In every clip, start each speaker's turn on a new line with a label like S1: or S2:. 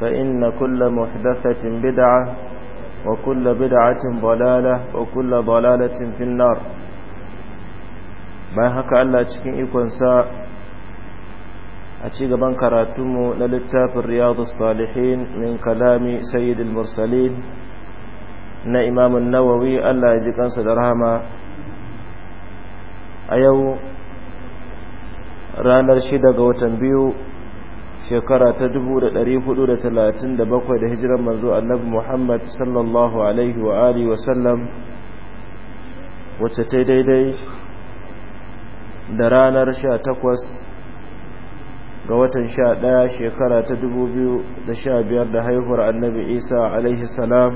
S1: فإن كل محدثة بدعة وكل بدعة ضلالة وكل ضلالة في النار bayan haka Allah cikin ikonsa a ci gaban karatunmu na littafin riyadu salihin min kalami sayyidul mursalin na imamun nawawi Allah ya ji kansa da rahama a yau ranar shida ga watan biyu shekara ta 1437 da hijiran manzo annabi Muhammad sallallahu alaihi wa alihi wa sallam wacce ta daidai da ranar 18 ga watan 11 shekara ta 2015 da haihuwar annabi Isa alaihi salam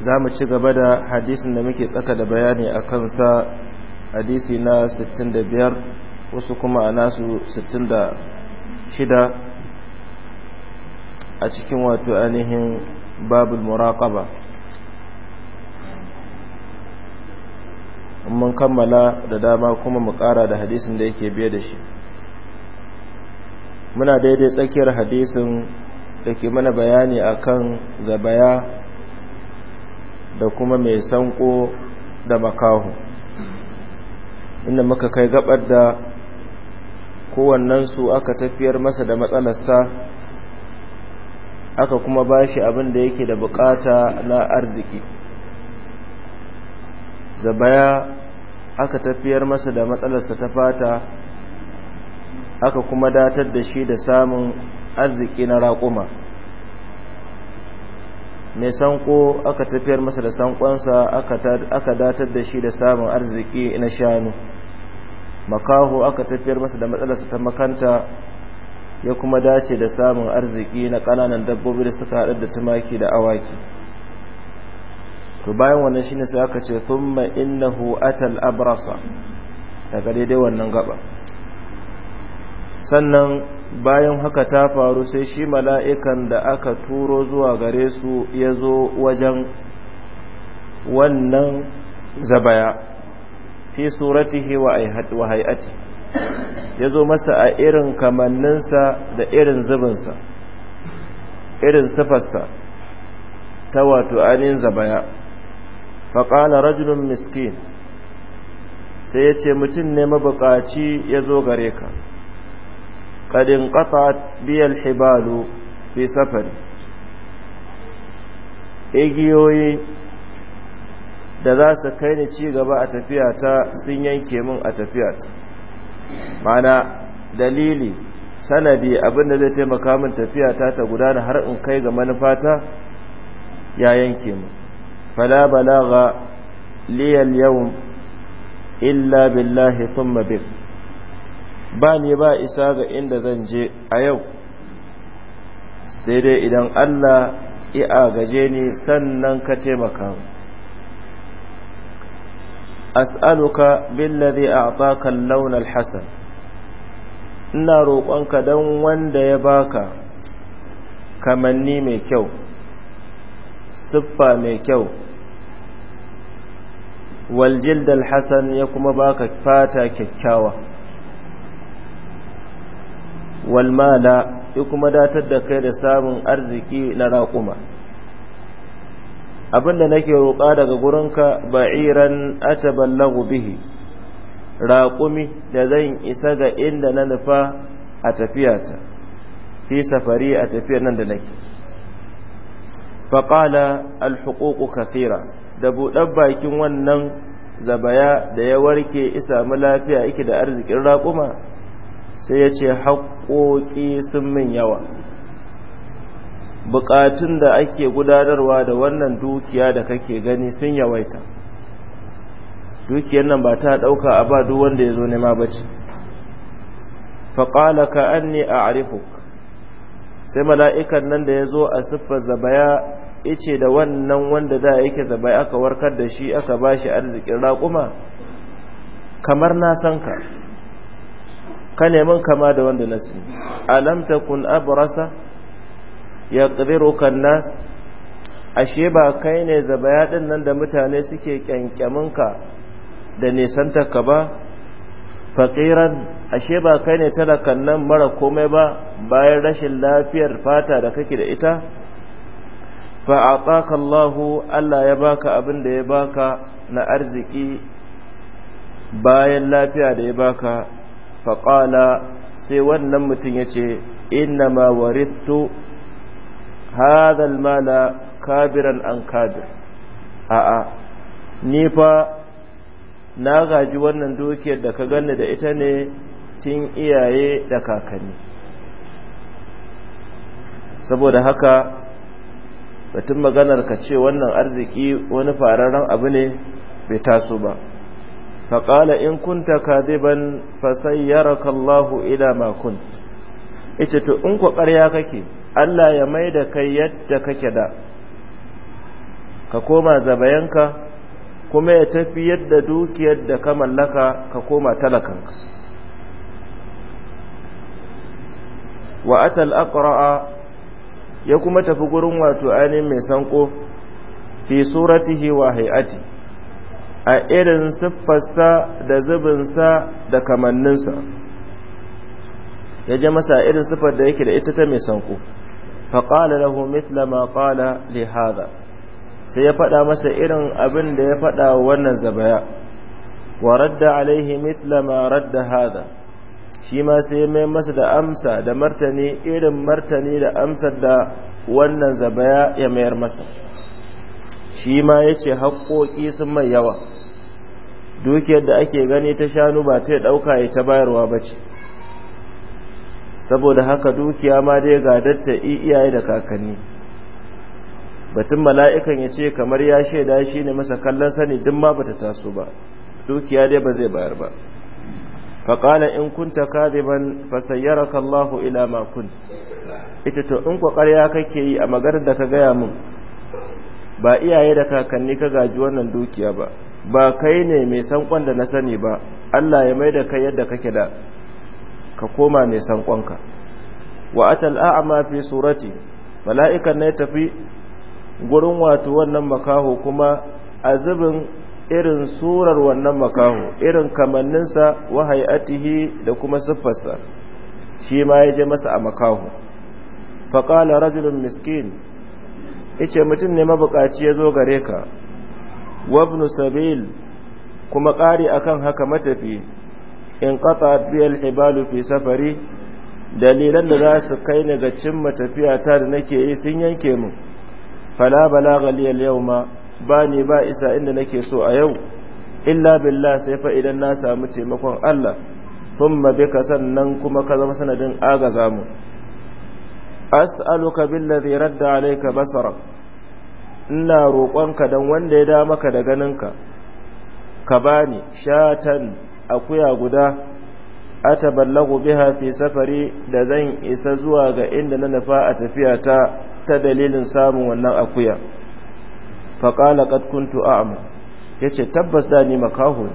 S1: za mu ci gaba da hadisin da muke tsaka da bayani a kansa hadisi na 65 wasu kuma a nasu 66 a cikin wato ainihin babul muraqaba mun kammala da dama kuma mu ƙara da hadisin da yake biye da shi muna daidai tsakiyar hadisin da ke mana bayani akan zabaya da kuma mai sanko da makahu inda muka kai gabar da kowannensu aka tafiyar masa da matsalarsa aka kuma ba shi abin da yake da bukata na arziki zabaya aka tafiyar masa da matsalarsa ta fata aka kuma datar da shi da samun arziki na raƙuma mai sanko aka tafiyar masa da sankonsa aka datar da shi da samun arziki na shanu makaho aka tafiyar masa da matsalarsa ta makanta ya kuma dace da samun arziki na ƙananan dabbobi da suka haɗar da tumaki da awaki to bayan wannan shine sai aka ce thumma innahu atal abrasa daga daidai wannan gaba sannan bayan haka ta faru sai shi mala'ikan da aka turo zuwa gare su ya zo wajen wannan zabaya fi suratihi wa hay'ati ya zo masa a irin kamanninsa da irin zubinsa irin sifarsa ta wato anin zabaya qala rajulun miskin sai yace ce mutum ne mabukaci yazo gare ka ƙadin ƙafa biyar hibalu fi safari igiyoyi da za su kai ni ci gaba a tafiya ta sun yanke mun a tafiya ta mana dalili sanadi abin da zai taimaka min tafiya ta ta gudana har in kai ga manufata ya yanke min fala balagha liyal yawm illa billahi thumma bi ba ni ba isa ga inda zan je a yau sai dai idan Allah ya gaje ni sannan ka taimaka as'aluka billazi a'taka al-lawn al-hasan ina roƙonka dan wanda ya baka kamanni mai kyau siffa mai kyau wal jild al-hasan ya kuma baka fata kyakkyawa Walmala ya kuma datar da kai da samun arziki na raƙuma Abin da nake roƙa daga gurinka ba'iran ataballagu bihi raƙumi da zan isa ga inda na nufa a tafiyata fi safari a tafiyar nan da nake faƙala alhuƙuƙu kathira da buɗar bakin wannan zabaya da ya warke isa mu lafiya yake da arzikin raƙuma sai ya ce haƙoƙi sun min yawa bukatun da ake gudanarwa da wannan dukiya da kake gani sun yawaita dukiyar nan ba ta dauka a ba duk wanda ya zo nema ba ce faƙala ka an ne a arifuk sai mala'ikan nan da ya zo a siffar zabaya ice da wannan wanda da yake zabaya aka warkar da shi aka ba shi arzikin raƙuma kamar na san ka ka neman kama da wanda na alam takun abrasa ya ƙadirukan nas ashe ba kai ne zabayaɗin nan da mutane suke ƙyanƙyaminka da nisantarka ba faƙiran ashe ba kai ne talakan nan mara komai ba bayan rashin lafiyar fata da kake da ita Fa a Allahu Allah ya baka abin da ya baka na arziki bayan lafiya da ya baka faƙala sai wannan mutum ya ce inna ma warittu هذا المال kabiran an kabir a'a ni fa na gaji wannan dukiyar da ka ganni da ita ne tun iyaye da kakanni saboda haka batun maganar ka ce wannan arziki wani fararen abu ne bai taso ba faƙala in kunta kadiban fasayyaraka Allahu ila ma kunt ita to in ku ƙarya kake Allah ya mai da kai yadda kake da ka koma zabayanka kuma ya tafi yadda dukiyar da ka mallaka ka koma talakanka wa atal aqra'a ya kuma tafi gurin wato ainihin mai sanko fi suratihi wa hay'ati a irin siffarsa da zubinsa da kamanninsa ya je masa irin siffar da yake da ita ta mai sanko faƙala lahu mithla ma ƙala li hadha sai ya faɗa masa irin abin da ya faɗa wannan zabaya wa radda alaihi mithla ma radda hadha shi ma sai mai masa da amsa da martani irin martani da amsar da wannan zabaya ya mayar masa shi ma ya ce haƙoƙi sun mai yawa dukiyar da ake gani ta shanu ba ta ɗauka ya ta bayarwa ba ce saboda haka dukiya ma dai ga datta iyaye da kakanni batun mala'ikan ya ce kamar ya shaida shi ne masa kallon sani duk ma bata taso ba dukiya dai ba zai bayar ba faƙala in kunta kadiban fasayyaraka Allahu ila ma kun ita to in ƙwaƙarya kake yi a maganar da ka gaya mun ba iyaye da kakanni ka gaji wannan dukiya ba ba kai ne mai san kwanda na sani ba Allah ya mai da kai yadda kake da ka koma mai sankonka wa atal a'ma fi surati mala'ikan ne tafi gurin wato wannan makaho kuma azubin irin surar wannan makaho irin kamanninsa wa hay'atihi da kuma siffarsa shi ma ya je masa a makaho faƙala rajulun miskin ice mutum ne mabukaci ya zo gare ka wabnu sabil kuma ƙari akan haka matafi in qata'at bi al fi safari dalilan da za su kai ni ga cimma tafiya ta da nake yi sun yanke mu fala balagha li al-yawma ba ni ba isa inda nake so a yau illa billah sai fa idan na samu taimakon Allah thumma bika sannan kuma ka zama sanadin agaza mu as'aluka billadhi radda alayka basara ina roƙonka dan wanda ya da maka da ganinka ka bani shatan akuya guda ataballagu biha fi safari da zan isa zuwa ga inda na nufa a tafiya ta ta dalilin samun wannan akuya faqala qad kuntu a'ma yace tabbas da ni makaho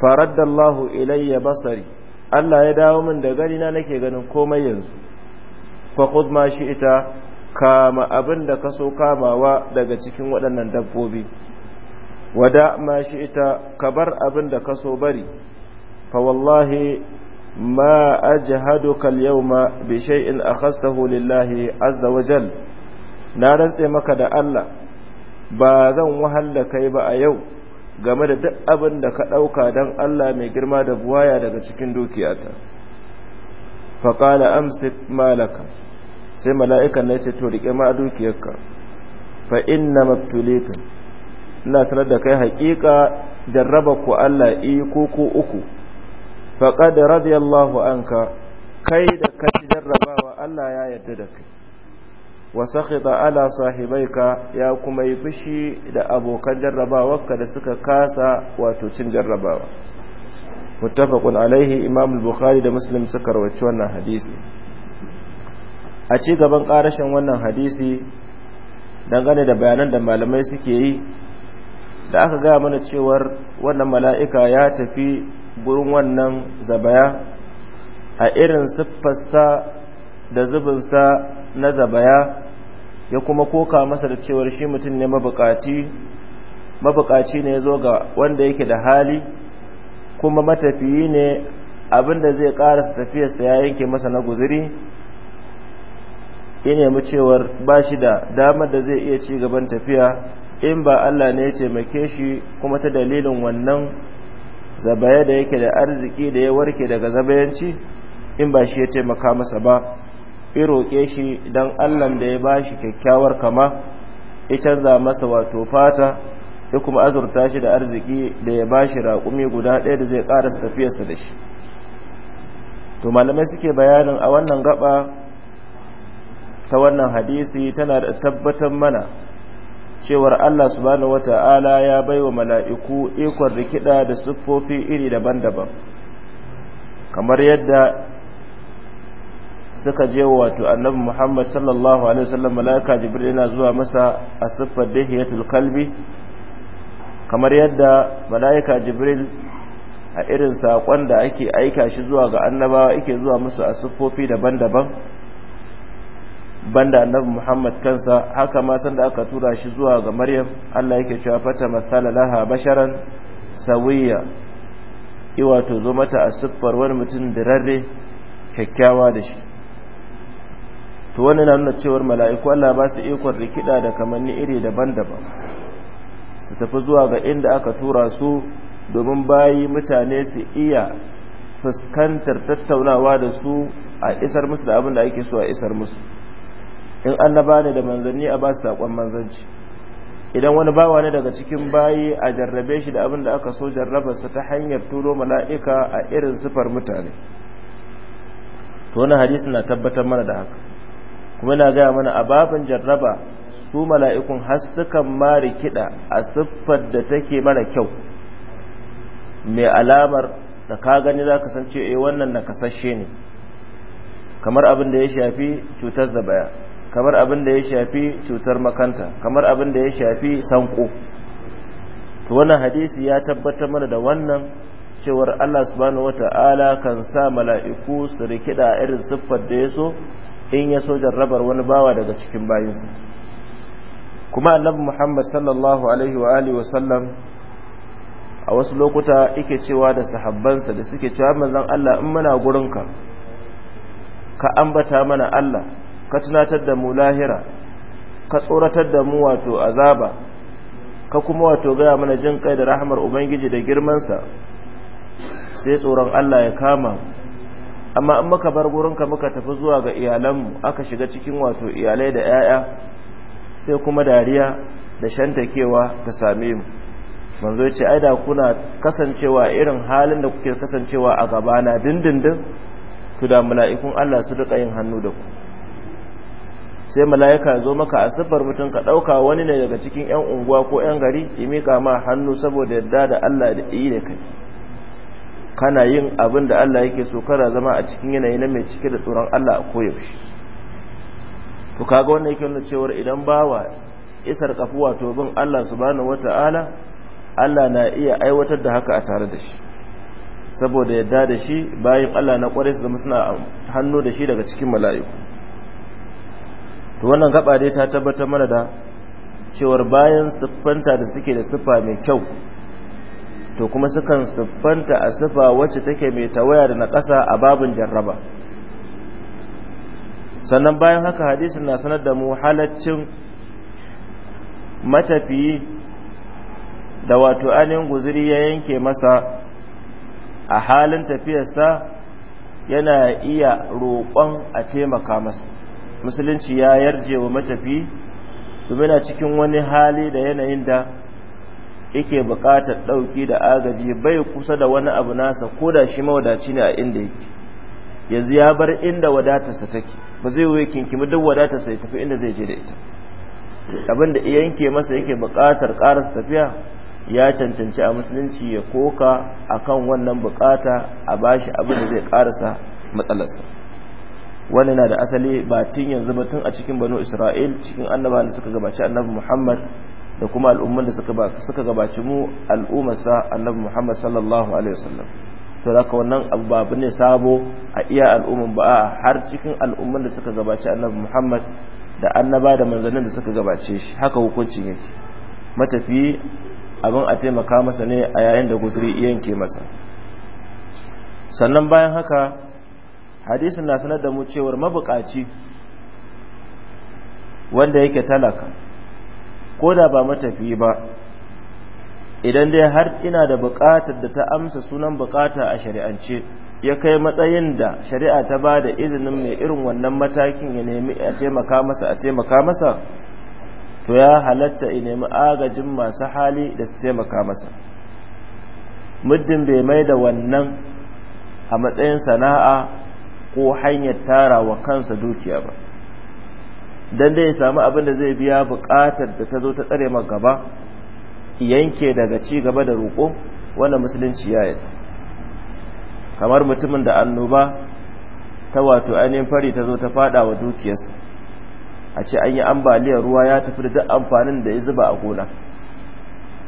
S1: faradda Allahu ilayya basari Allah ya dawo min da gani na nake ganin komai yanzu fa khudh ma ita- kama abin da ka so kamawa daga cikin waɗannan dabbobi wada ma shi ita ka bar abin da ka so bari fa wallahi ma ajhaduka al-yawma bi shay'in akhastahu lillahi azza wa jal na rantse maka da Allah ba zan wahala kai ba a yau game da duk abin da ka dauka dan Allah mai girma da buwaya daga cikin dukiyata fa qala amsik malaka sai mala'ikan ne ce to rike ma dukiyarka fa inna mabtulitun ina sanar da kai haƙiƙa jarraba ku Allah iko ko uku faqad radiyallahu anka kai da kai jarrabawa Allah ya yarda da kai wa sakhita ala sahibaika ya kuma yi fushi da abokan jarrabawarka da suka kasa wato cin jarrabawa muttafaqun alaihi imam al-bukhari da muslim suka rawaci wannan hadisi a ci gaban karashin wannan hadisi dangane da bayanan da malamai suke yi da aka gaya mana cewar wannan mala'ika ya tafi gurin wannan zabaya a irin siffarsa da zubinsa na zabaya ya kuma koka masa da cewar shi mutum ne mabukaci mabukaci ne zo ga wanda yake da hali kuma matafiyi ne abinda zai karasa tafiyarsa ya yanke masa na guziri ya nemi cewar ba shi da damar da zai iya ci gaban tafiya in ba Allah ne ya taimake shi kuma ta dalilin wannan zabaya da yake da arziki da ya warke daga zabayanci in ba shi ya taimaka masa ba ya roƙe shi don Allah da ya ba shi kyakkyawar kama ya canza masa wato fata ya kuma azurta shi da arziki da ya ba shi raƙumi guda ɗaya da zai ƙara tafiyarsa da shi to malamai suke bayanin a wannan gaba ta wannan hadisi tana da tabbatar mana cewar Allah subhanahu wata'ala ya baiwa mala'iku ikon rikida da siffofi iri daban-daban kamar yadda suka je wato annabi Muhammad sallallahu alaihi wasallam malaika Jibril yana zuwa masa a siffar dahiyatul kalbi kamar yadda malaika Jibril a irin sakon da ake aika shi zuwa ga annabawa yake zuwa musu a siffofi daban-daban banda annabi Muhammad kansa haka ma sanda aka tura shi zuwa ga Maryam Allah yake cewa fata mathala laha basharan sawiya iwa to zo mata a siffar wani mutum dirarre kyakkyawa da shi to wannan na nuna cewar mala'iku Allah ba su ikon rikida da kamanni iri daban-daban su tafi zuwa ga inda aka tura su domin bayi mutane su iya fuskantar tattaunawa da su a isar musu da abin da ake so a isar musu in annaba ne da manzanni a ba su saƙon manzanci idan wani bawa ne daga cikin bayi a jarrabe shi da abin da aka so jarrabarsa ta hanyar turo mala'ika a irin sifar mutane to wani hadisi na tabbatar mana da haka kuma na gaya mana a babin jarraba su mala'ikun har sukan mari kiɗa a siffar da take mara kyau mai alamar da ka gani za ka san ce eh, wannan wannan kasashe ne kamar abin da ya shafi cutar da baya. kamar abin da ya shafi cutar makanta kamar abin da ya shafi sanko to wannan hadisi ya tabbatar mana da wannan cewar Allah subhanahu wata'ala kan sa mala'iku su rikida irin siffar da ya in ya so jarrabar wani bawa daga cikin bayinsa kuma annabi Muhammad sallallahu alaihi wa alihi wa sallam a wasu lokuta yake cewa da sahabbansa da suke cewa manzon Allah in muna gurinka ka ambata mana Allah ka tunatar da mu lahira ka tsoratar da mu wato azaba ka kuma wato gaya mana jin kai da rahmar ubangiji da girmansa sai tsoron Allah ya kama amma in muka bar gurinka muka tafi zuwa ga iyalanmu aka shiga cikin wato iyalai da 'ya'ya sai kuma dariya da shantakewa ta same mu manzo ya ce ai da kuna kasancewa irin halin da kuke kasancewa a gaba gabana dindindin to da mala'ikun Allah su rika yin hannu da ku sai mala'ika ya zo maka a siffar mutum ka ɗauka wani ne daga cikin 'yan unguwa ko 'yan gari ya miƙa ma hannu saboda yadda da Allah da yi da kai kana yin abin da Allah yake so kana zama a cikin yanayi na mai cike da tsoron Allah a koyaushe to kaga wannan yake nuna cewa idan bawa isar kafu wato bin Allah subhanahu wata'ala Allah na iya aiwatar da haka a tare da shi saboda yadda da shi bayan Allah na kware su zama suna hannu da shi daga cikin mala'iku to wannan gaba dai ta tabbatar mana da cewar bayan siffanta da suke da siffa mai kyau to kuma sukan siffanta a siffa wacce take mai tawaya da na ƙasa a babin jarraba sannan bayan haka hadisin na sanar da mu halaccin matafiyi da wato ainihin guziri ya yanke masa a halin tafiyarsa yana iya roƙon a taimaka masa musulunci ya yarje wa matafi domin a cikin wani hali da yanayin da yake buƙatar ɗauki da agaji bai kusa da wani abu nasa ko da shi mawadaci ne a inda yake yanzu ya bar inda wadatarsa take ba zai wuyi kinkimi duk wadatarsa ya tafi inda zai je da ita abin da yanke masa yake buƙatar ƙarasa tafiya ya cancanci a musulunci ya koka akan wannan buƙata a bashi abin da zai ƙarasa matsalarsa wani na da asali ba tun yanzu ba tun a cikin banu isra'il cikin annaba da suka gabaci annabi muhammad da kuma al'umman da suka gabaci mu al'ummarsa annabi muhammad sallallahu alaihi wasallam to da wannan abu babu ne sabo a iya al'umman ba har cikin al'umman da suka gabaci annabi muhammad da annaba da manzannin da suka gabace shi haka hukuncin yake matafi abin a taimaka masa ne a yayin da guzuri yanke masa sannan bayan haka hadisin na sanar da mu cewar mabukaci wanda yake talaka ko da ba matafi ba idan dai har ina da buƙatar da ta amsa sunan buƙata a shari'ance ya kai matsayin da shari'a ta ba da izinin mai irin wannan matakin ya nemi a taimaka masa a taimaka masa to ya halatta ya nemi agajin masu hali da su taimaka masa muddin bai mai da wannan a matsayin sana'a ko hanyar tara wa kansa dukiya ba don dai samu abin da zai biya buƙatar da ta zo ta tsare ma gaba yanke daga ci gaba da roƙo wanda musulunci ya yi kamar mutumin da annoba ta wato ainihin fari ta zo ta fada wa dukiyarsa a ce an yi ambaliyar ruwa ya tafi da duk amfanin da ya zuba a gona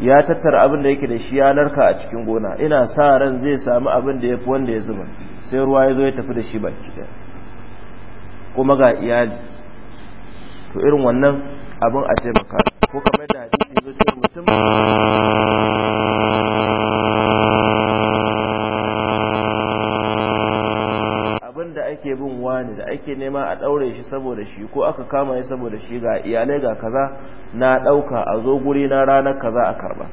S1: ya tattara abin da yake da shi ya narka a cikin gona ina sa ran zai samu abin da yafi wanda ya zuba sai ruwa ya zo ya tafi da shi baki ɗaya kuma ga iyali to irin wannan abin a taimaka ko kamar da
S2: hadisi zo cikin mutum
S1: shi saboda shi ko aka kama ya saboda shi ga iyalai ga kaza na ɗauka a zo guri na ranar kaza a karba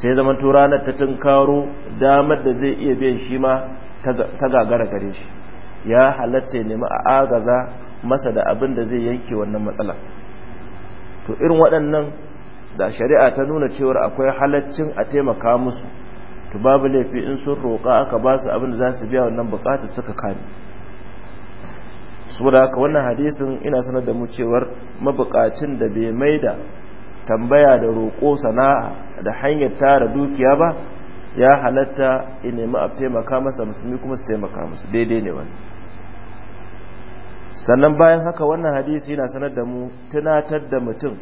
S1: sai zaman to ranar ta tunkaro damar da zai iya biyan shi ma ta gagara gare shi ya halatta ya nemi a agaza masa da abin da zai yanke wannan matsala to irin waɗannan da shari'a ta nuna cewar akwai halaccin a taimaka musu to babu laifi in sun roƙa aka ba su abin da za su biya wannan buƙatar suka kame saboda haka wannan hadisin ina sanar da mu cewar mabukacin da bai mai da tambaya da roƙo sana'a da hanyar tara dukiya ba ya halatta in nemi a taimaka masa musulmi kuma su taimaka musu daidai ne wani sannan bayan haka wannan hadisi yana sanar da mu tunatar da mutum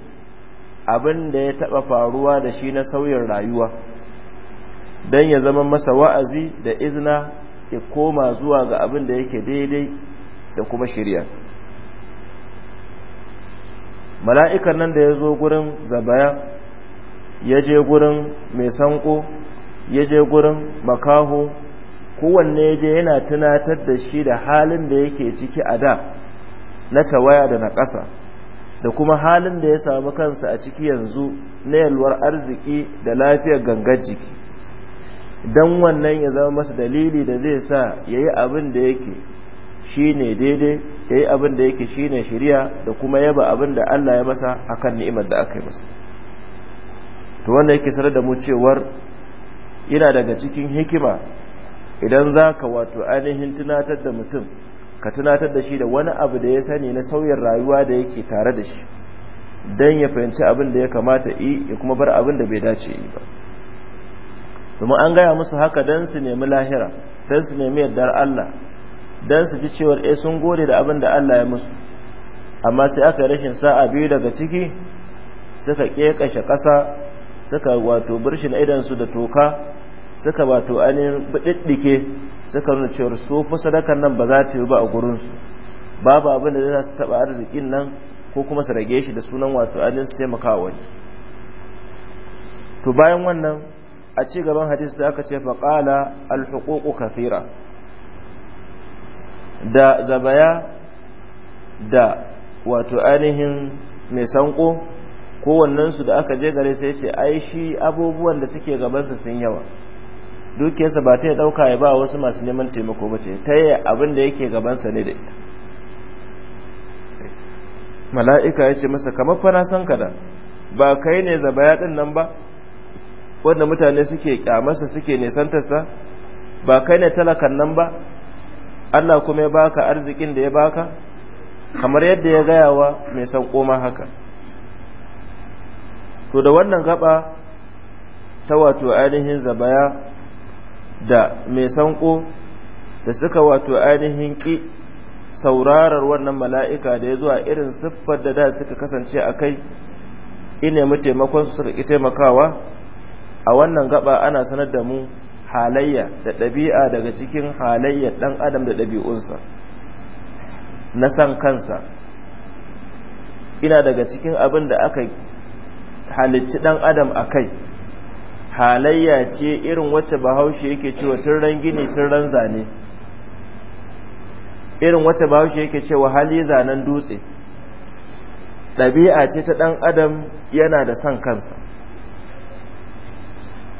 S1: abin da ya taɓa faruwa da shi na sauyin rayuwa don ya zama masa wa'azi da izina ya koma zuwa ga abin da yake daidai da kuma shirya mala'ikan nan da ya zo gurin zabaya ya je gurin mai sanko ya je gurin makaho kowanne ya je yana tunatar da shi da halin da yake ciki a da na tawaya da na ƙasa da kuma halin da ya samu kansa a ciki yanzu na yalwar arziki da lafiyar gangar jiki don wannan ya zama masa dalili da zai sa ya yi abin da yake Shi ne daidai ya yi abin da yake ne shirya da kuma yaba abin da Allah ya masa akan ni'imar da aka yi masa to wannan yake sanar da mu cewar yana daga cikin hikima idan zaka wato ainihin tunatar da mutum ka tunatar da shi da wani abu da ya sani na sauyin rayuwa da yake tare da shi don ya fahimci abin da ya kamata yi ya kuma bar abin da bai dace yi ba domin an gaya musu haka don su nemi lahira don su nemi yardar Allah dan su ji cewar eh sun gode da abin da Allah ya musu amma sai aka rashin sa'a biyu daga ciki suka kekashe ƙasa suka wato birshin idansu da toka suka wato ainihin bididdike suka nuna cewar su fi sadakar nan ba za ta yi ba a gurinsu babu abin da za su taɓa arzikin nan ko kuma su rage shi da sunan wato ainihin su taimaka wani to bayan wannan a ci gaban hadisi aka ce faƙala alhuququ kafira da zabaya da wato ainihin mai sanko kowannensu da aka je gare sai ce ai shi abubuwan da suke gabansa sun yawa dukiyarsa ba ta ya dauka ya ba wasu masu neman taimako ba ce ta yi abin da yake gabansa ne da ita mala'ika ya ce masa kamar fara san ka da ba kai ne zabaya din nan ba wanda mutane suke kyamarsa suke nesantarsa, ba kai ne talakan nan ba Allah kuma ya baka arzikin da ya baka kamar yadda ya gaya wa mai san koma haka to da wannan gaba ta wato ainihin zabaya da mai sanko da suka wato ainihin ki saurarar wannan mala'ika da ya zuwa irin siffar da da suka kasance a kai ina taimakon su suka ki taimakawa a wannan gaba ana sanar da mu halayya da ɗabi'a daga cikin halayyar ɗan adam da ɗabi'unsa na san kansa ina daga cikin abin da aka halicci ɗan adam a kai halayya ce irin wacce bahaushe yake cewa tun ran gini tun ran zane irin wacce bahaushe yake cewa hali zanen dutse ɗabi'a ce ta ɗan adam yana da san kansa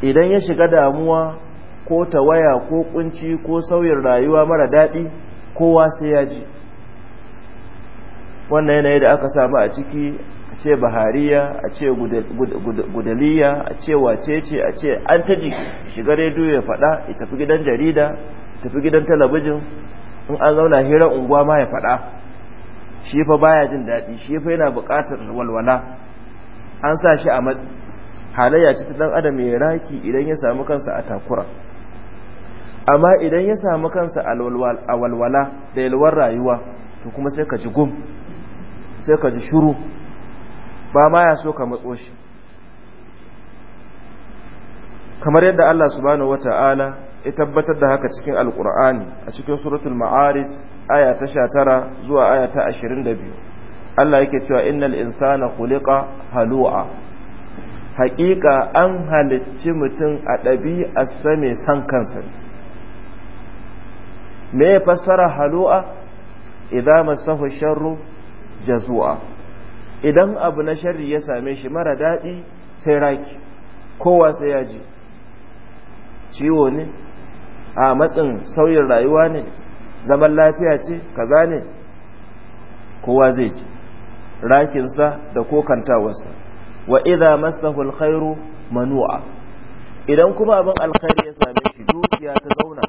S1: idan ya shiga damuwa ko waya ko kunci ko sauyin rayuwa mara daɗi kowa sai ya ji wannan yanayi da aka samu a ciki a ce bahariya a ce gudaliya a ce wacece a ce an ta shiga rediyo ya faɗa ya tafi gidan jarida ya tafi gidan talabijin in an zauna hira unguwa ma ya faɗa shi baya jin daɗi shi fa yana buƙatar walwala an sa shi a matsi halayya ce ta ɗan adam ya raki idan ya samu kansa a takura amma idan ya samu kansa a walwala da yalwar rayuwa to kuma sai ka ji gum sai ka ji shuru ba ma ya so ka matso shi kamar yadda Allah subhanahu wata'ala ya tabbatar da haka cikin alkur'ani a cikin suratul ma'aris aya ta 19 zuwa aya ta 22 Allah yake cewa innal insana khuliqa halu'a haƙiƙa an halicci mutum a ɗabi'a san kansa me ya fassara halu'a idan masahu sharru jazu'a idan abu na sharri ya same shi mara daɗi sai raki kowa sai ya ciwo ne a matsin sauyin rayuwa ne zaman lafiya ce kaza ne kowa zai ji rakinsa da kokantawarsa wa idza masahun alkhairu manu'a idan kuma abin alkhairi ya same shi dukiya ta zauna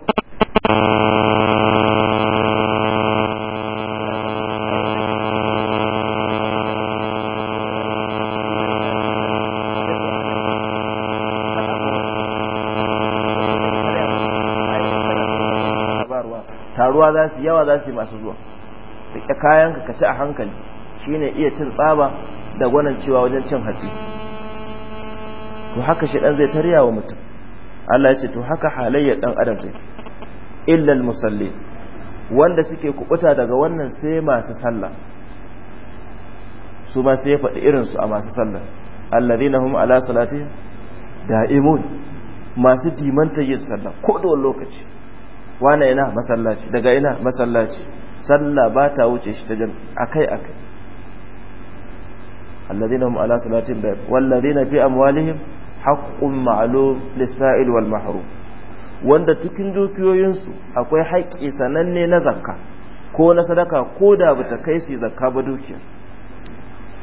S1: taruwa za yawa za su yi masu zuwa rike kayan ka ci a hankali shine iya cin tsaba da gwanin cewa wajen cin hatsi to haka shi dan zai tarya wa mutum Allah ya ce to haka halayyar ɗan adam zai illa al wanda suke kubuta daga wannan sai masu sallah su ba sai faɗi irinsu a masu sallah alladhina hum ala salati da'imun masu dimanta yin sallah ko da wani lokaci wane ina masallaci daga ina masallaci sallah ba ta wuce shi ta jan akai akai alladhina hum ala salati da'imun walladhina fi amwalihim haqqun ma'lum lis-sa'il wal mahrum wanda cikin dukiyoyinsu akwai haƙƙi sananne na zakka ko na sadaka ko da bata kai su zakka ba dukiya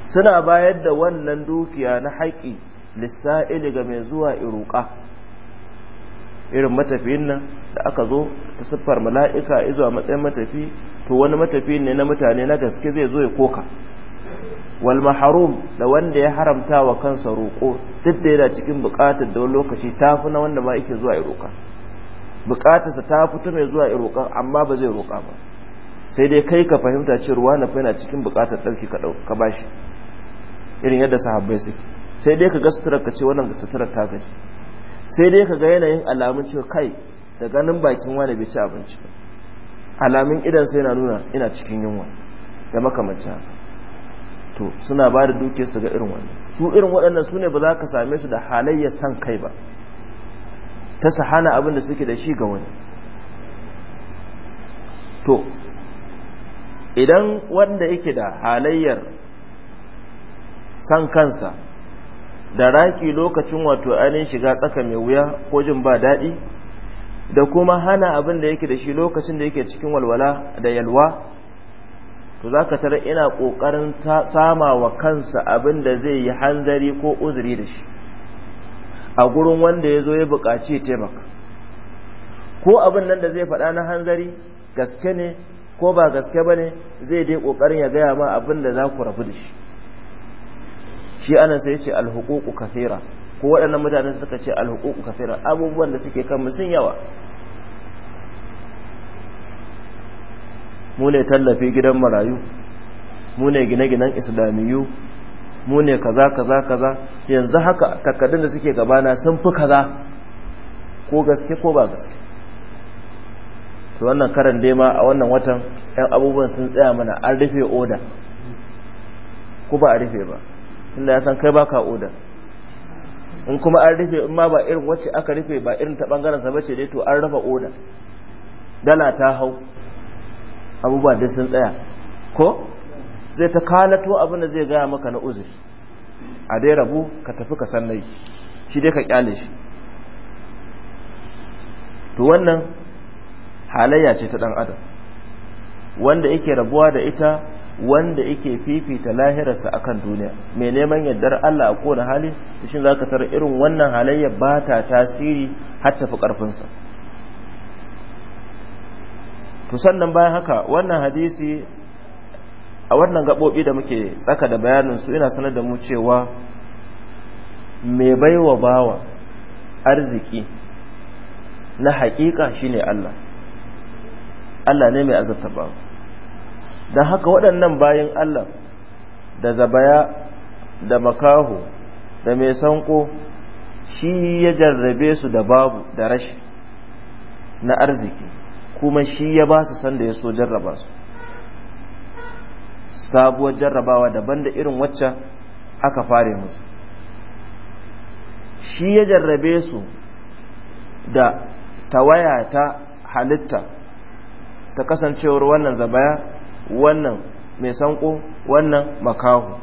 S1: suna bayar da wannan dukiya na haƙƙi lissa'ili ga mai zuwa iruka irin matafiyin nan da aka zo ta siffar mala'ika izo matsayin matafi to wani matafi ne na mutane na gaske zai zo ya koka wal maharum da wanda ya haramta wa kansa roƙo duk da yana cikin buƙatar da wani lokaci tafi na wanda ma yake zuwa Iruka. bukatarsa ta fito mai zuwa roƙa amma ba zai roƙa ba sai dai kai ka fahimta cewa na fa yana cikin bukatar ɗauki ka bashi irin yadda sahabbai suke sai dai ka ga suturar ka ce wannan suturar ta gaji sai dai ka ga yanayin alamun cewa kai da ganin bakin wani bai ci abinci alamun idan sai na nuna ina cikin yunwa da makamancin to suna ba da su ga irin wannan su irin waɗannan su ne ba za ka same su da halayya san kai ba ta hana abin da suke da shi ga wani to idan wanda yake da halayyar san kansa da raki lokacin wato ainihin shiga tsaka mai wuya ko jin ba daɗi da kuma hana abin da yake da shi lokacin da yake cikin walwala da yalwa to za ka tara ina ƙoƙarin sama wa kansa abin da zai yi hanzari ko uzuri da shi a gurin wanda ya zo ya buƙaci ya taimaka ko abin nan da zai faɗa na hanzari gaske ne ko ba gaske ba ne zai dai ƙoƙarin ya gaya ma abin da za ku rabu da shi shi anan sai ce alhuququ kafira ko waɗannan mutane suka ce alhuququ kafira abubuwan da suke kan sun yawa mu ne tallafi gidan marayu mu ne gine-ginen islamiyu mu ne kaza kaza kaza yanzu haka takaddun da suke gabana sun fi kaza ko gaske ko ba gaske to wannan karan dai ma a wannan watan ɗan abubuwan sun tsaya mana an rufe oda ko ba a rufe ba tunda ya san kai baka oda in kuma an rufe in ma ba irin wacce aka rufe ba irin ta bangaren sa bace dai to an rufe oda dala ta hau abubuwa dai sun tsaya ko zai ta kalato abin da zai gaya maka na uzuri a dai rabu ka tafi ka sannai shi dai ka kyale shi to wannan halayya ce ta dan adam wanda yake rabuwa da ita wanda yake fifita lahirarsa akan duniya mai neman yardar Allah a kowane hali to shin zaka tar irin wannan halayya ba ta tasiri har tafi karfinsa to sannan bayan haka wannan hadisi a wannan gaɓoɓi da muke tsaka da bayaninsu yana sanar da mu cewa mai baiwa bawa arziki na haƙiƙa shine Allah Allah ne mai azabta bawa don haka waɗannan bayan Allah da zabaya da makaho da mai sanko shi ya jarrabe su da babu da rashi na arziki kuma shi ya ba su sanda ya so jarraba su sabuwar jarrabawa daban da irin wacce aka fare musu shi ya jarrabe su da tawaya ta halitta ta kasancewar wannan zabaya wannan mai sanko wannan makahu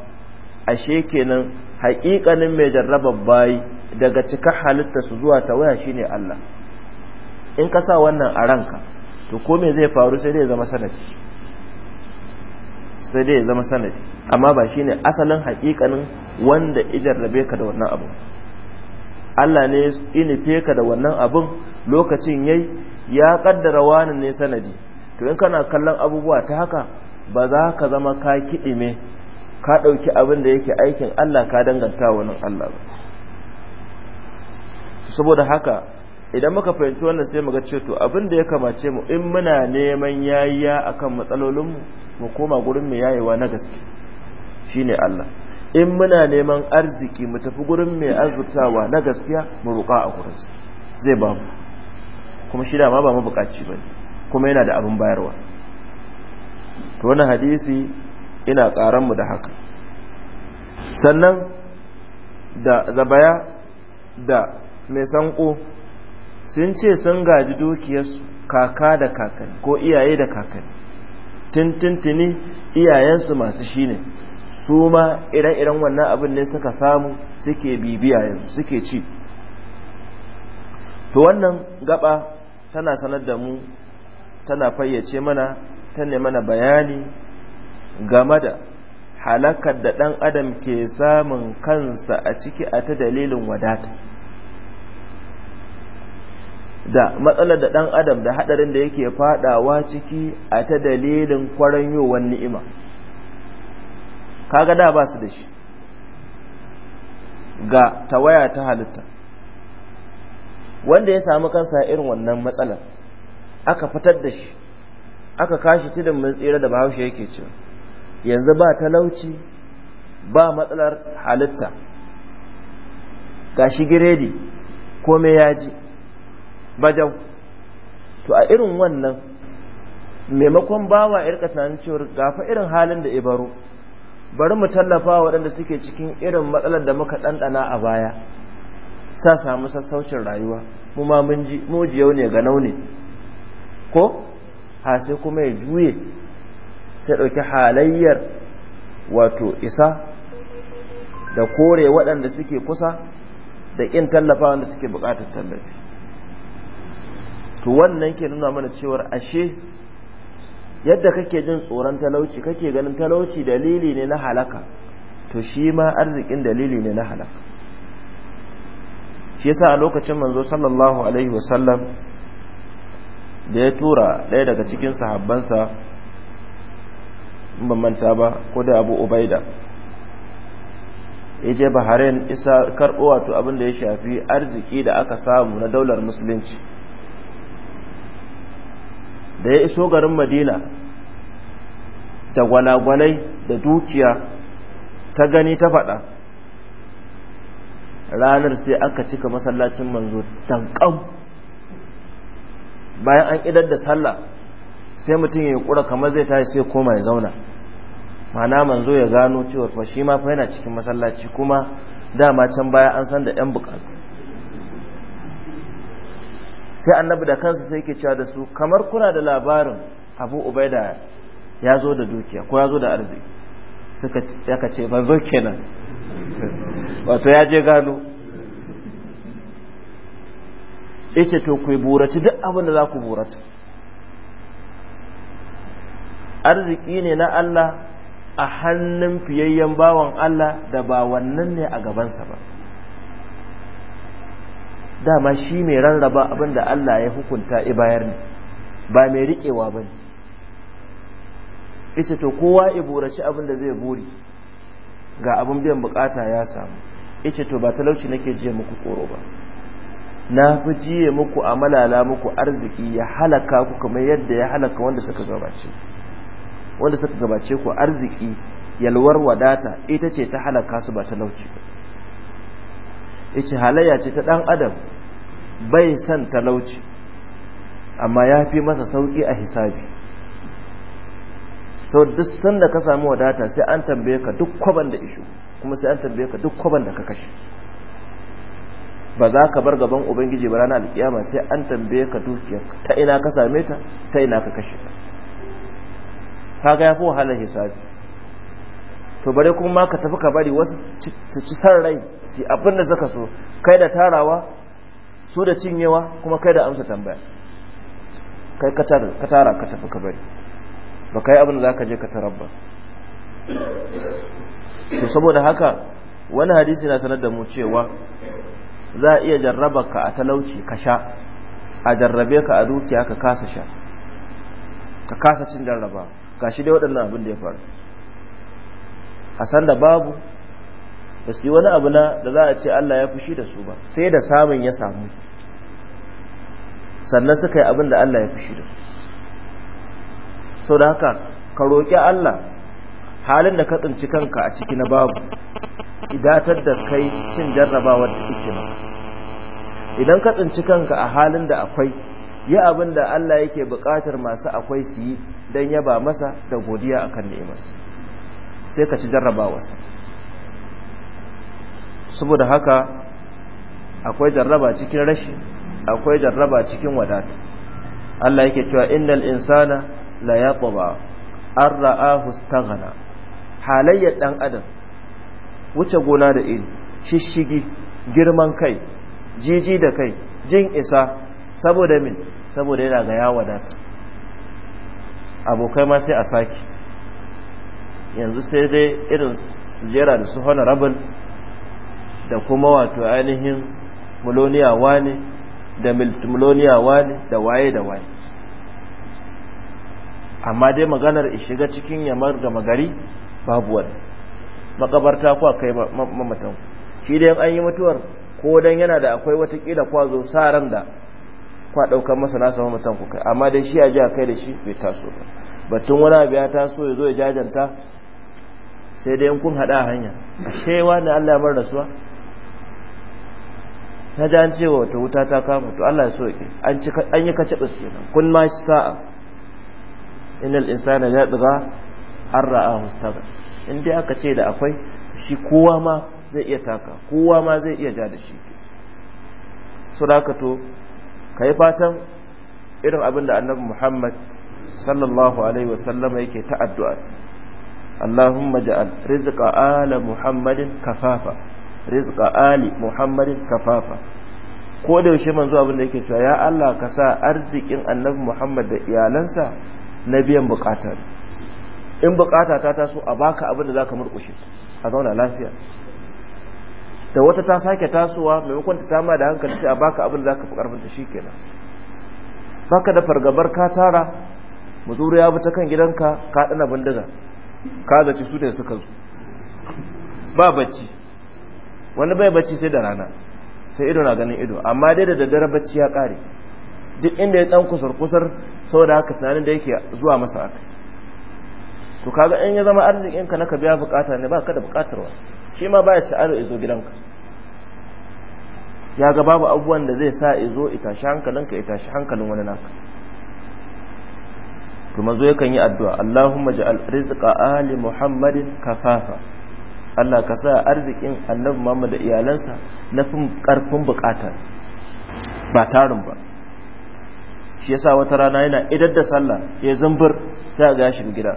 S1: ashe kenan haƙiƙanin mai jarrabar bayi daga cika halitta su zuwa tawaya shine Allah in ka sa wannan a ranka to ko me zai faru sai dai zama sanaci sai dai ya zama sanadi amma ba shine asalin hakikanin wanda ijarrabe ka da wannan abu Allah ne fe ka da wannan abin lokacin yayi ya kaddara wani ne sanadi to in kana kallon abubuwa ta haka ba za ka zama ka kiɗime ka ɗauki abin da yake aikin Allah ka danganta wani Allah ba saboda haka idan muka fahimci wannan sai muga cewa to abin da ya kamace mu in muna neman yayya akan matsalolin mu mu koma gurin mai yayewa na gaske shine Allah in muna neman arziki mu tafi gurin mai azurtawa na gaskiya mu roƙa a gurin zai ba mu kuma shi da ma ba mu mabukaci bane kuma yana da abin bayarwa to wannan hadisi ina ƙaran mu da haka sannan da zabaya da mai sanko sun ce sun gaji dukiyarsu kaka da kakanni ko iyaye da kakanni tintintini iyayensu masu shi ne su ma ire-iren wannan abin ne suka samu suke bibiya yanzu suke ci to wannan gaba tana sanar da mu tana fayyace mana ta ne mana bayani game da halakar da ɗan adam ke samun kansa a ciki a ta dalilin wadata da matsalar da ɗan adam da haɗarin da yake faɗawa ciki a ta dalilin wa ni'ima kaga da ba su da shi ga tawaya ta halitta wanda ya samu kansa irin wannan matsalar aka fitar da shi aka kashi tidin mun tsira da bahaushe yake cewa yanzu ba talauci ba matsalar halitta ga shi giredi kome ya ji bajau to a irin wannan maimakon bawa ya rika cewar gafa irin halin da ibaro bari mu tallafa waɗanda suke cikin irin matsalar da muka ɗanɗana a baya sa samu sassaucin rayuwa mu ma mun ji yau ne ga ne ko ha sai kuma ya juye sai ɗauki halayyar wato isa da kore waɗanda suke kusa da ƙin tallafa wanda suke buƙatar tallafi to wannan ke nuna mana cewar ashe yadda kake jin tsoron talauci kake ganin talauci dalili ne na halaka to shi ma arzikin dalili ne na halaka shi yasa a lokacin manzo sallallahu alaihi wasallam da ya tura ɗaya daga cikin sahabbansa ban manta ba ko da abu ubaida ya je bahrain isa karɓo wato abin da ya shafi arziki da aka samu na daular musulunci da ya iso garin madina da gwalagwalai da dukiya ta gani ta faɗa ranar sai aka cika masallacin manzo tankan bayan an idar da sallah sai mutum ya kura kamar zai tashi sai koma ya zauna mana manzo ya gano cewa fa shi ma fa yana cikin masallaci kuma dama can baya an san da yan bukatu sai annabi da kansa sai yake cewa da su kamar kuna da labarin abu ubaida ya zo da dukiya ko ya zo da arziki suka yaka ce ban zo kenan wato ya je gano yace to ku buraci duk abin da za ku burata arziki ne na Allah a hannun fiyayyen bawan Allah da ba wannan ne a gabansa ba dama shi mai rarraba abin da Allah ya hukunta i bayar ne ba mai riƙewa ba ne ita to kowa i abin da zai buri ga abin biyan bukata ya samu ita to ba talauci nake jiya muku tsoro ba na fi jiye muku a malala muku arziki ya halaka ku kamar yadda ya halaka wanda suka gabace wanda suka gabace ku arziki yalwar wadata ita ce ta halaka su ba talauci ba yace halayya ce ta dan adam bai san talauci amma ya fi masa sauki a hisabi sau duk sanda ka samu wadata sai an tambaye ka duk kwaban da ishu kuma sai an tambaye ka duk kwaban da ka kashe ba za ka bar gaban ubangiji ba ranar alkiyama sai an tambaye ka dukiyar ta ina ka same ta ta ina ka kashe ka kaga ya fi wahalar hisabi to bare kuma ma ka tafi ka bari wasu su ci san rai su abin da suka so kai da tarawa so da cinyewa kuma kai da amsa tambaya kai ka tara ka tafi ka bari ba kai abin da za ka je ka tarar ba to saboda haka wani hadisi na sanar da mu cewa za a iya jarraba ka a talauci ka sha a jarrabe ka a dukiya ka kasa sha ka kasa cin jarraba ga shi dai waɗannan abin da ya faru a sanda babu ba su yi wani abu na da za a ce Allah ya fushi da su ba sai da samun ya samu sannan suka yi abin da Allah ya fushi da su sau da haka ka roƙi Allah halin da ka tsinci kanka a ciki na babu idatar da kai cin jarrabawar da ike idan ka tsinci kanka a halin da akwai yi abin da Allah yake buƙatar masu akwai su yi don yaba masa da godiya akan ni'imarsa sai ka ci wasu saboda haka akwai jarraba cikin rashi akwai jarraba cikin wadata Allah yake cewa innal insana la yatba arraahu staghna halayyar dan adam wuce gona da iri shishigi girman kai jiji da kai jin isa saboda min saboda yana ga ya wadata abokai ma sai a saki yanzu sai dai irin su jera da su rabin da kuma wato ainihin miloniya wani da miloniya wani da waye da waye amma dai maganar shiga cikin yamar da magari babu wani makabarta kuwa kai mamatan shi dai an yi mutuwar ko dan yana da akwai watakila kwa zo sa ran da kwa daukar masa nasa mamatan ku kai amma dai shi a ji a kai da shi bai taso ba batun wani abu ya taso ya zo ya jajanta sai dai kun hada hanya ashe ne Allah ya bar rasuwa na ji an cewa wata wuta ta kama to Allah ya so yake an yi kace bus kenan kun ma sa'a innal insana ya tsira an ra'a mustabar in dai aka ce da akwai shi kowa ma zai iya taka kowa ma zai iya ja da shi su da to ka yi fatan irin abin da annabi muhammad sallallahu alaihi wasallama yake ta addu'a اللهم اجعل رزق آل محمد كفافا رزق آل محمد كفافا ko da yaushe manzo abin da yake cewa ya Allah ka sa arzikin annabi Muhammad da iyalansa na biyan bukata in bukata ta taso a baka abin da zaka murkushe a zauna lafiya da wata ta sake tasowa maimakon ta tama da hankali sai a baka abin da zaka fi karfin ta shikenan baka da fargabar ka tara muzuru ya bi ta kan gidanka ka dana bindiga ka zaci su ne suka zo ba bacci wani bai bacci sai da rana sai ido na ganin ido amma dai da daddare bacci ya kare duk inda ya dan kusur kusur da haka tunanin da yake zuwa masa aka to kaga in ya zama arzikinka na ka biya bukata ne ba ka da bukatarwa shi ma baya sha'ar ya zo gidanka ya ga babu abubuwan da zai sa ya zo ita shi hankalinka ita shi hankalin wani naka. to manzo yakan yi addu'a Allahumma ja'al rizqa ali Muhammadin kafafa Allah ka sa arzikin Annabi Muhammad da iyalansa na karfin bukata ba tarin ba shi yasa wata rana yana idar da sallah ya zumbur sai ga shi gida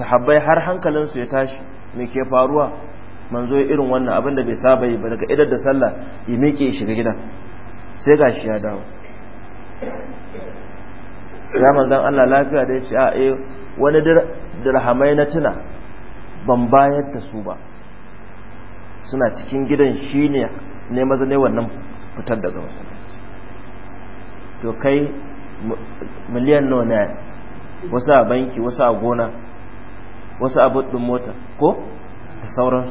S1: sahabbai har hankalinsu ya tashi me ke faruwa manzo irin wannan abin da bai saba yi ba daga idar da sallah ya miƙe shiga gida sai ga shi ya dawo ya manzan Allah lafiya da ya ce a eh wani dirhamai na tuna ban bayar da su ba suna cikin gidan shi ne ne maza ne wannan fitar daga wasu to kai miliyan nawa ne wasu a banki wasu a gona wasu a buɗin mota ko da sauran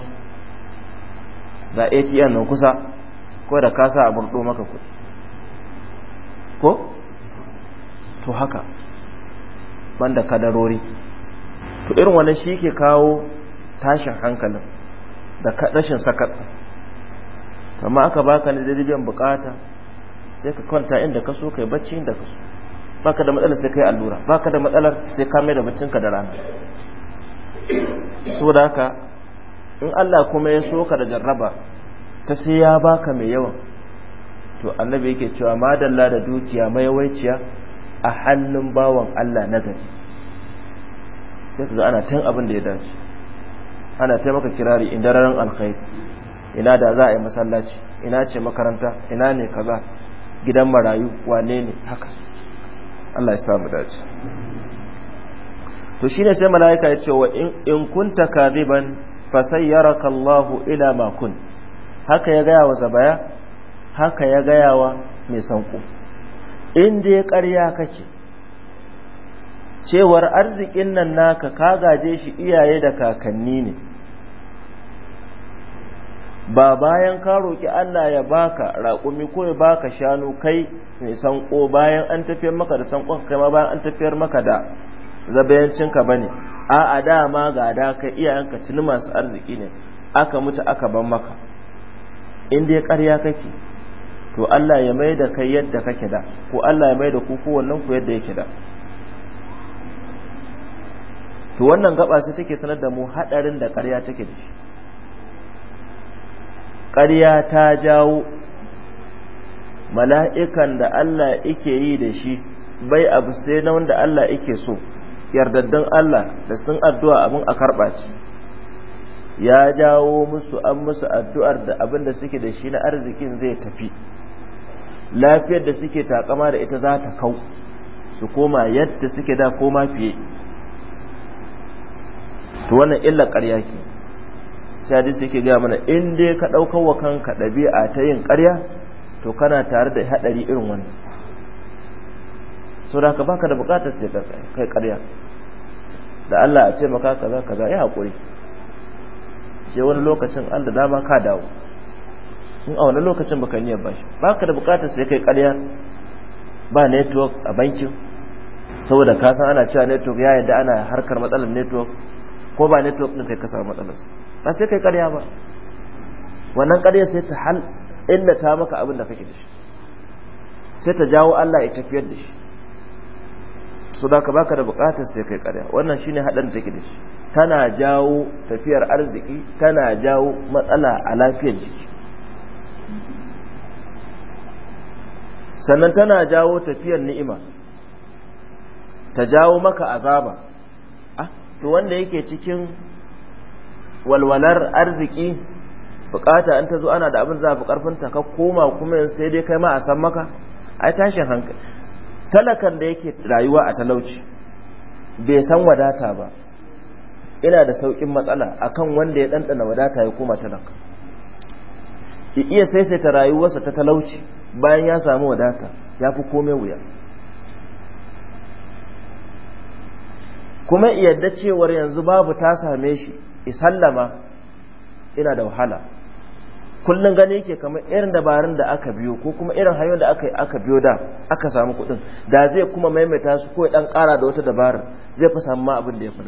S1: da atm na kusa ko da kasa a burɗo maka kuɗi ko to haka banda kadarori to irin wannan shi ke kawo tashin hankalin da rashin sakat amma aka baka ne daidaibiyan bukata sai ka kwanta inda ka so kai bacci inda ka so baka da matsalar sai kai allura baka da matsalar sai ka mai da ka da rana da haka in Allah kuma ya so ka da jarraba ta sai ya baka mai yawan to annabi yake cewa madalla da dukiya mai waiciya a hannun bawan Allah nagari sai kaga ana tan abin da ya dace ana taimaka kirari in dararen alkhairi ina da za a yi masallaci ina ce makaranta ina ne kaza gidan marayu wane ne haka Allah ya samu dace to shine sai malaika ya ce wa in kunta kadiban fasayyaraka Allah ila ma kun haka ya gaya wa zabaya haka ya gaya wa mai sanko in dai ƙarya kake cewar arzikin nan naka ka gaje shi iyaye da kakanni ne ba bayan ka roƙi Allah ya baka raƙumi ko ya baka shanu kai mai sanko bayan an tafiyar maka da sankon kai ma bayan an tafiyar maka da zabayancinka ba ne a a dama ga da ka iyayenka tuni masu arziki ne aka mutu aka ban maka in dai ƙarya kake to Allah ya mai da kai yadda kake da ko Allah ya mai da ku kowannen ku yadda yake da to wannan gaba su take sanar da mu hadarin da ƙarya take da shi ƙarya ta jawo mala'ikan da Allah yake yi da shi bai abu sai na wanda Allah yake so yardaddun Allah da sun addu'a abin a karɓa ce ya jawo musu an musu addu'ar da abin da suke da shi na arzikin zai tafi lafiyar da suke takama da ita za ta kau su koma yadda suke da koma fiye to wannan illa ƙarya ke sai suke gaya mana in dai ka ɗaukar wa kanka ɗabi'a ta yin ƙarya to kana tare da haɗari irin wani. so da baka da buƙatar sai kai ƙarya da Allah a ce maka kaza kaza ya haƙuri sai wani lokacin Allah dama ka dawo in a wani lokacin baka niyyar bashi ka da bukatar sai kai ƙarya ba network a bankin saboda ka san ana cewa network ya yadda ana harkar matsalar network ko ba network din kai ka samu matsalar ba sai kai ƙarya ba wannan ƙarya sai ta hal inda ta maka abin da kake da shi sai ta jawo Allah ya tafiyar da shi so da ka baka da bukatar sai kai ƙarya wannan shine hadan da take da shi tana jawo tafiyar arziki tana jawo matsala a lafiyar jiki sannan tana jawo tafiyar ni'ima ta jawo maka azaba ah, to wanda yake cikin walwalar arziki bukata an ta zo ana da abin za a ka koma kuma yanzu sai dai kai ma a san maka ai tashin hankali talakan da yake rayuwa a talauci bai san wadata ba ina da saukin matsala akan wanda ya ɗanɗana wadata ya koma talaka sai iya ta rayuwarsa ta talauci bayan ya samu wadata ya fi komai wuya kuma yadda cewar yanzu babu ta same shi isallama ina da wahala kullum gani yake kamar irin dabarun da aka biyo ko kuma irin hanyoyin da aka aka biyo da aka samu kuɗin da zai kuma maimaita su ko dan ƙara da wata dabarar zai fi samu abin da ya fi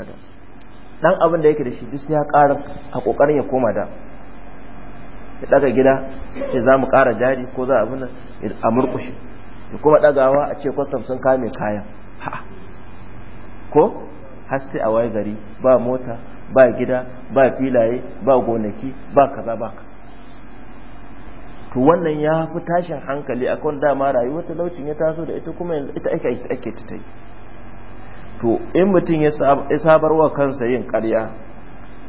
S1: dan abin da yake da shi duk ya kara a ƙoƙarin ya koma da ya daga gida ce za mu ƙara jari ko za a abin a murkushe ya kuma dagawa a ce kwastam sun kame kayan ha ko haske a waye gari ba mota ba gida ba filaye ba gonaki ba kaza ba kaza to wannan ya fi tashin hankali kan dama rayuwar talaucin ya taso da ita kuma ita ake ake ta yi to in mutum ya sabarwa kansa yin karya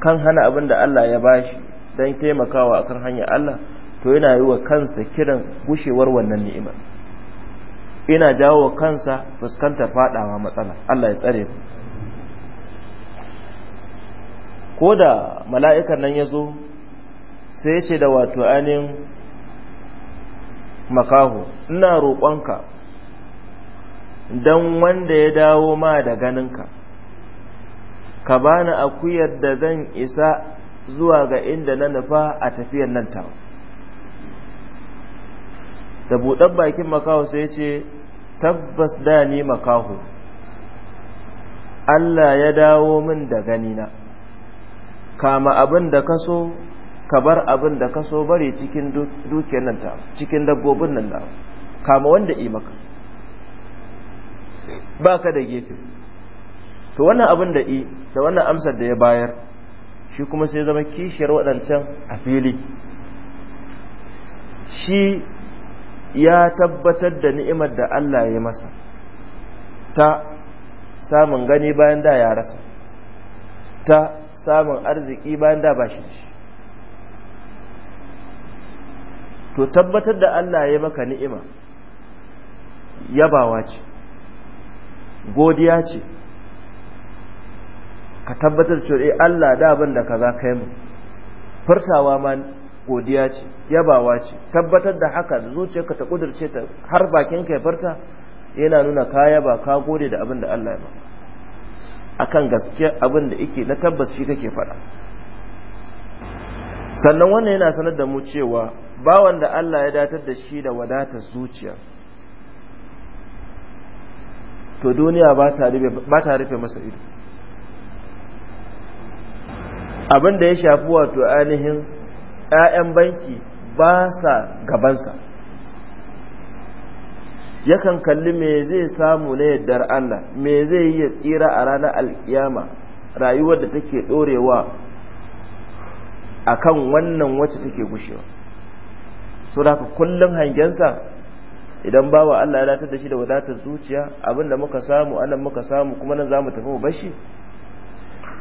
S1: kan hana abin da Allah ya bashi Dan taimakawa akan hanyar Allah to yana yi wa kansa kiran gushewar wannan ni'imar ina jawo kansa fuskantar fadawa matsala Allah ya tsare mu ko da mala'ikan nan ya zo sai ya ce da wato anin makaho ina roƙonka don wanda ya dawo ma da ganinka ka bani akuyar da zan isa zuwa ga inda na nufa a tafiyar nan ta da buɗan bakin makaho sai ce tabbas da ni makaho Allah ya dawo min da ganina kama abin da ka so ka bar abin da ka so bari cikin dukiyar nan ta cikin dabbobin nan da kama wanda yi maka baka da gefe to wannan abin da i da wannan amsar da ya bayar shi kuma sai zama kishiyar waɗancan a fili shi ya tabbatar da ni'imar da Allah ya masa ta samun gani bayan da ya rasa ta samun arziki bayan da ba shi to tabbatar da Allah ya maka ni'ima yabawa ce godiya ce ka tabbatar cewa eh Allah da abin da ka kai mu furtawa ma godiya ce yabawa ce tabbatar da haka da zuciyarka ta kudirce ta har bakin ka ya furta yana nuna ka yaba ka gode da abin da Allah ya baka akan gaske abin da yake na tabbas shi kake faɗa sannan wannan yana sanar da mu cewa bawan da Allah ya datar da shi da wadatar zuciya to duniya ba ta rufe masa ido abin da ya shafi wato ainihin 'ya'yan banki ba sa gabansa yakan kalli me zai samu na yardar Allah me zai yi ya tsira a ranar alkiyama rayuwar da take ɗorewa a kan wannan wacce take gushewa so da kullum hangensa idan bawa Allah ya datar da shi da wadatar zuciya abin da muka samu anan muka samu kuma nan za mu tafi mu bashi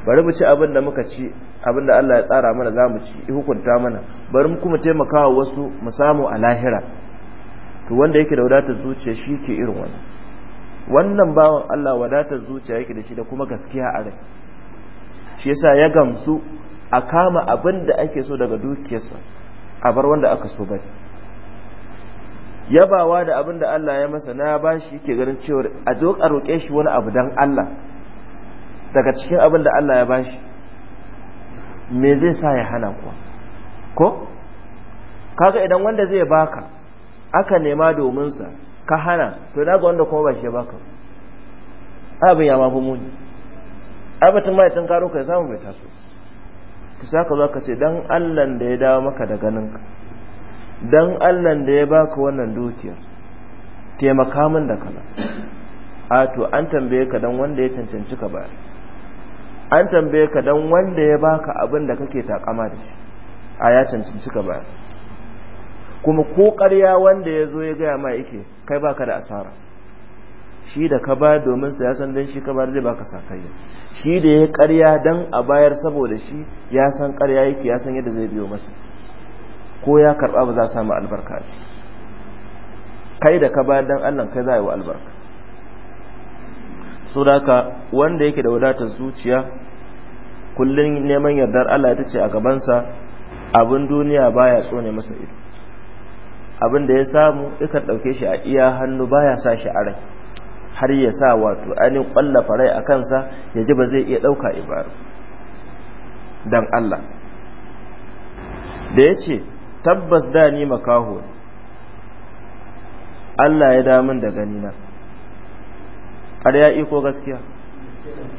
S1: bari mu ci abin da muka ci abin da Allah ya tsara mana za mu ci hukunta mana bari mu kuma taimakawa wasu mu samu a lahira to wanda yake da wadatar zuciya shi ke irin wannan wannan bawan Allah wadatar zuciya yake da shi da kuma gaskiya a rai shi yasa ya gamsu a kama abin da ake so daga dukiyarsa a bar wanda aka so bari yabawa da abin da Allah ya masa na bashi yake ganin cewa a zo a roƙe shi wani abu dan Allah daga cikin abin da Allah ya bashi me zai sa ya hana kuwa ko kaga idan wanda zai baka aka nema domin sa ka hana to daga wanda kuma ba shi ya baka abin ya mafi muni abatin mai tun karo ka samu bai taso ka saka zo ka ce dan Allah da ya dawo maka da ganinka dan Allah da ya baka wannan dukiyar taimaka min da kana a to an tambaye ka dan wanda ya cancanci ka ba an tambaye ka dan wanda ya baka abin da kake takama da shi a ya cancanci ka bayar kuma ko ƙarya wanda ya zo ya gaya ma yake kai baka da asara shi da ka ba domin sa ya san dan shi ka ba zai baka sakayya shi da ya ƙarya dan a bayar saboda shi ya san ƙarya yake ya san yadda zai biyo masa ko ya karɓa ba za a samu albarka kai da ka ba dan Allah kai za a yi wa albarka sudaka wanda yake da wadatar zuciya kullum neman yardar Allah ita ce a gabansa abin duniya baya tsone masa ido abin da ya samu ikar ɗauke shi a iya hannu baya sa shi a rai har ya sa wato ainihin ƙwallafa rai a kansa ya ji ba zai iya ɗauka ibaru don Allah da ya ce tabbas da ni makaho Allah ya damun da ganina ƙarya iko gaskiya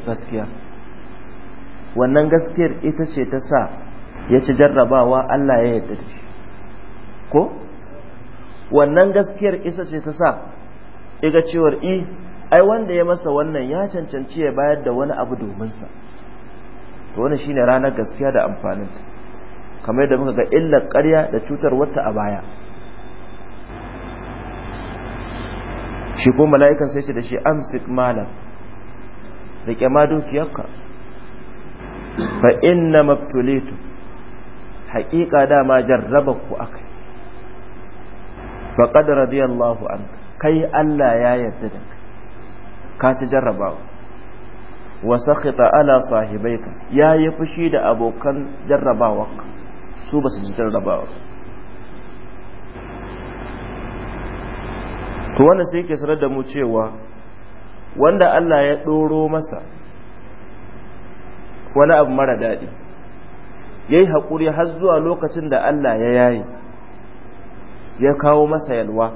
S1: gaskiya wannan gaskiyar ita ce ta sa ya ci jarrabawa Allah ya yarda da shi ko wannan gaskiyar isa ce ta sa iga cewar i eh, ai wanda ya masa wannan ya cancanci ya bayar da wani abu domin sa to wannan shine ranar gaskiya da amfaninta kamar yadda muka ga illar ƙarya da cutar wata a baya shi ko mala'ikan sai ce da shi amsik malam rike ma dukiyarka fa inna mabtulitu haƙiƙa dama jarraba ku ba faqad radiyallahu anka kai Allah ya yarda da ka ci jarrabawa wa sakhita ala ya yayi fushi da abokan jarrabawa su basu ji jarrabawa to wannan sai ke sanar da mu cewa wanda Allah ya ɗoro masa wani abu mara daɗi ya yi haƙuri har zuwa lokacin da Allah ya yayi ya kawo masa yalwa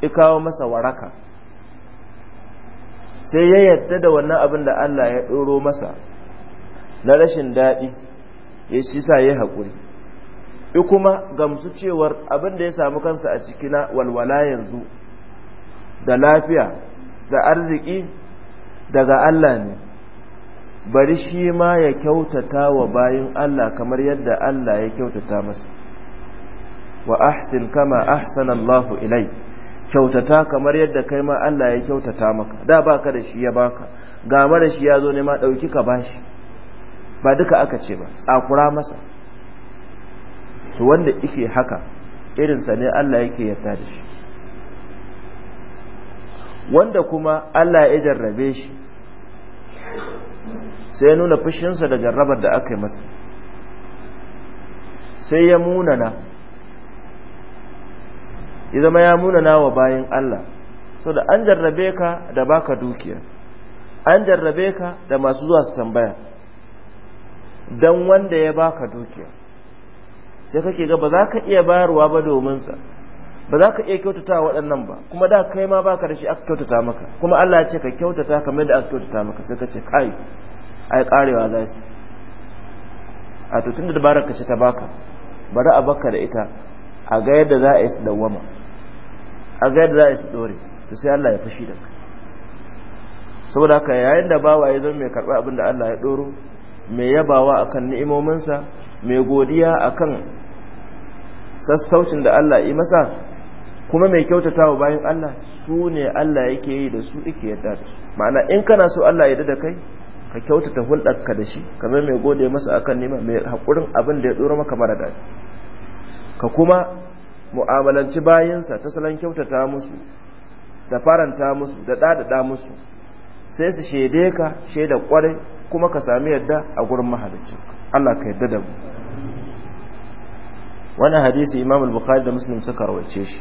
S1: ya kawo masa waraka sai ya yarda da wannan abin da Allah ya ɗoro masa na rashin daɗi ya shi sa ya haƙuri ya kuma gamsu cewar abin da ya samu kansa a cikina walwala yanzu da lafiya da arziki daga Allah ne bari shi ma ya kyautata wa bayin Allah kamar yadda Allah ya kyautata masa wa ahsin kama ahsana Allahu ilai kyautata kamar yadda kai ma Allah ya kyautata maka da baka da shi ya baka ga mara shi ya zo ne ma dauki ka bashi ba duka aka ce ba tsakura masa to wanda yake haka irin sa ne Allah yake yarda da shi wanda kuma Allah ya jarrabe shi sai ya nuna fushinsa da jarrabar da aka yi masa sai ya munana ya ya munana wa bayan Allah so da an jarrabe ka da baka dukiya an jarrabe ka da masu zuwa su tambaya don wanda ya baka dukiya sai kake ga ba za ka iya bayarwa ba domin sa ba za ka iya kyautata waɗannan ba kuma da kai ma baka da shi aka kyautata maka kuma Allah ya ce ka kyautata kamar da aka kyautata maka sai ka ce kai ai karewa za su a to tunda dabarar ka ce ta baka bari a baka da ita a ga yadda za a yi su dawwama a ga yadda za a yi su dore to sai Allah ya fushi da ka saboda haka yayin da bawa ya zama mai karɓar abin da Allah ya doro mai yabawa akan ni'imominsa mai godiya akan sassaucin da Allah yi masa kuma mai kyautatawa bayan Allah su ne Allah yake yi da su yake yadda da su ma'ana in kana so Allah ya da kai ka kyautata hulɗar ka da shi kamar mai gode masa akan nima, mai haƙurin abin da ya tsoro maka mara daɗi ka kuma mu'amalanci bayansa ta salon kyautata musu da faranta musu da ɗaɗaɗa musu sai su shaide ka shaida ƙwarai kuma ka sami yadda a gurin mahalicci Allah ka yadda da mu wannan hadisi imamul al-bukhari da muslim suka rawace shi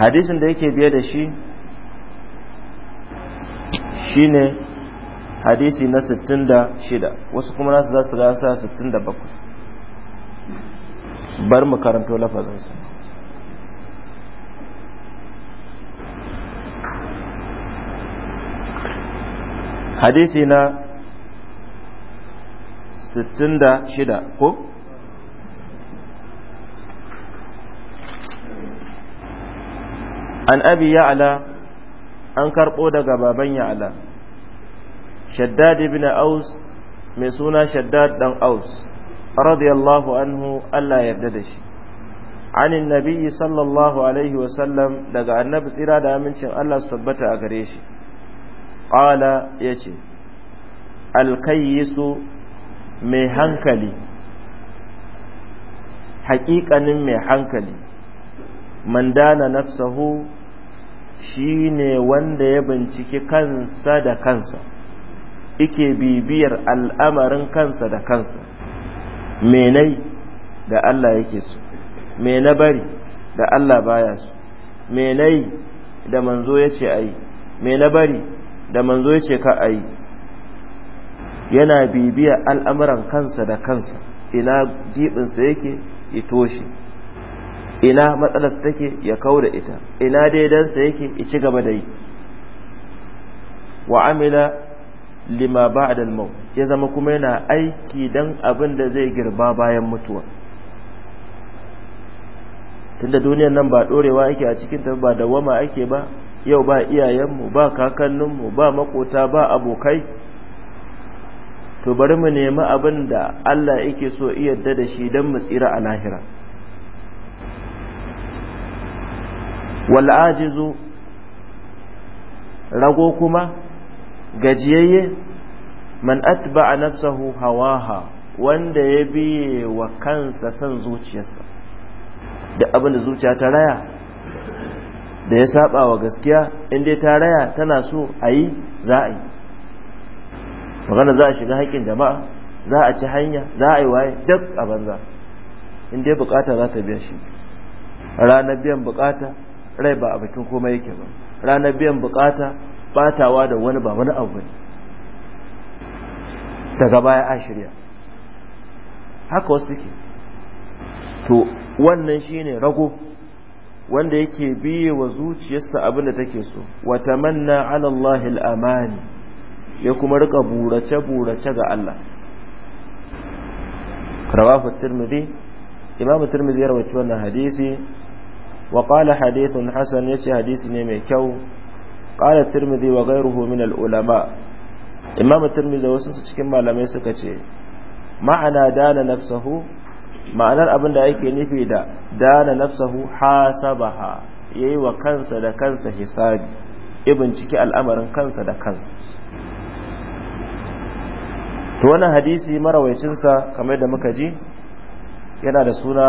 S1: hadisin da yake biye da shi shine hadisi na 66 wasu kuma nasu za su gasa 67 bar mu karanto lafazinsa hadisi na 66 ko an abi ala an karbo daga baban ya'ala shaddad ibn aus mai suna shaddad dan aus radiyallahu anhu Allah ya yarda da shi anin nabiyyi sallallahu alaihi wa sallam daga annabi tsira da amincin Allah su tabbata a gare shi qala yace alkayisu mai hankali haƙiƙanin mai hankali man dana nafsahu shine wanda ya binciki kansa da kansa ike bibiyar al'amarin kansa da kansa menai da Allah yake so me na bari da Allah baya so me da manzo yace ayi me na bari da manzo yace ka ai yana bibiya al'amuran kansa da kansa ina gibinsa yake itoshi toshe. ina matsalarsa take ya kau da ita ina daidansa yake ya ci gaba da yi wa amila lima ba'da al-maut ya zama kuma yana aiki dan abin da zai girba bayan mutuwa tunda duniyar nan ba dorewa yake a cikin ta ba dawama ake ba yau ba iyayenmu ba kakanninmu ba makota ba abokai to bari mu nemi abin da Allah yake so iya da shi dan mu tsira a lahira wal ajizu rago kuma gajiyayye man atba'a nafsahu hawaha wanda ya biye wa kansa son zuciyarsa da abin da zuciya ta raya da ya saba wa gaskiya inda ta raya tana so a yi za a yi magana za a shiga haƙƙin jama'a za a ci hanya za a yi waye duk a banza inda bukata za ta biya shi ranar biyan bukata rai ba a bakin komai yake ba ranar biyan bukata batawa da wani ba wani abu ne daga baya a shirya haka wasu ke to wannan shi ne rago wanda yake biye wa zuciyarsa abin da take so wata manna alallahi al’amani ya kuma rika burace burace ga Allah rawahu tirmidhi imam tirmidhi ya rawaito wannan hadisi وقال حديث حسن يتي حديث نيمي كو قال الترمذي وغيره من العلماء إمام الترمذي cikin malamai suka ce ma'ana dana nafsahu ma'anar abin da yake nufi da dana nafsahu hasabaha yayi wa kansa da kansa hisabi ibn ciki al'amarin kansa da kansa to wannan hadisi marawaicinsa kamar da muka ji yana da suna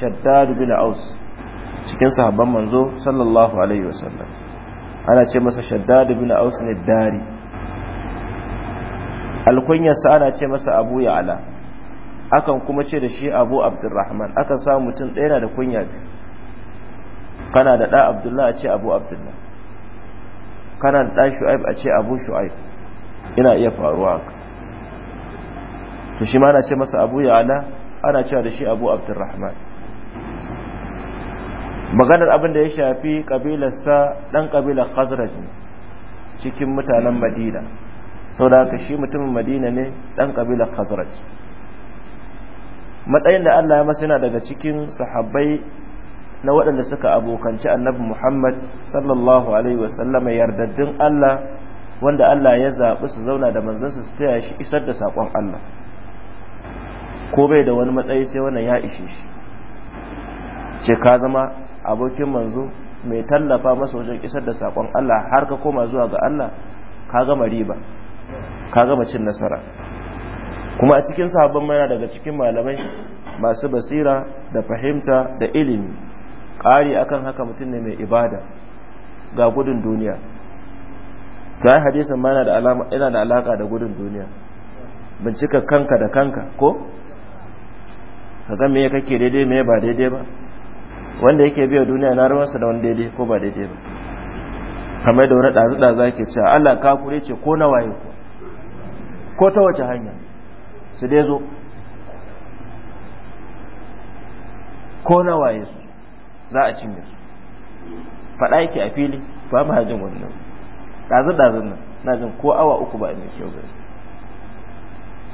S1: shaddad bin aus cikin sahabban manzo sallallahu alaihi wasallam ana ce masa shaddad ibn aus ne dari alkunyarsa ana ce masa abu ya'la akan kuma ce da shi abu abdurrahman akan samu mutum ɗaya na da kunya biyu kana da ɗa abdullah a ce abu abdullah kana da ɗa shu'aib a ce abu shu'aib ina iya faruwa haka to shi ma ana ce masa abu ya'la ana cewa da shi abu abdurrahman maganar abin da ya shafi kabilarsa dan kabilar khazraj cikin mutanen madina da haka shi mutumin madina ne dan kabilar khazraj matsayin da Allah ya masa yana daga cikin sahabbai na waɗanda suka abokanci annabi Muhammad sallallahu alaihi wasallam yardaddin Allah wanda Allah ya zaɓi su zauna da manzansa su taya shi isar da sakon Allah ko bai da wani matsayi sai wannan ya ishe shi ce ka zama abokin manzo mai tallafa masa wajen isar da sakon Allah har ka koma zuwa ga Allah ka gama riba ka gama cin nasara kuma a cikin sahabban mana daga cikin malamai masu basira da fahimta da ilimi ƙari akan haka mutum ne mai ibada ga gudun duniya ga hadisin mana da alama ina da alaka da gudun duniya bincika kanka da kanka ko ka ga me kake daidai me ba daidai ba wanda yake biya duniya na ruwansa da wani daidai ko ba daidai ba kamar da wani ɗazu ɗazu ake cewa Allah ka kure ce ko na waye ko ko ta wace hanya su dai zo ko na waye su za a cinye su faɗa yake a fili ba ma jin wannan ɗazu ɗazun nan na jin ko awa uku ba ne mai kyau ba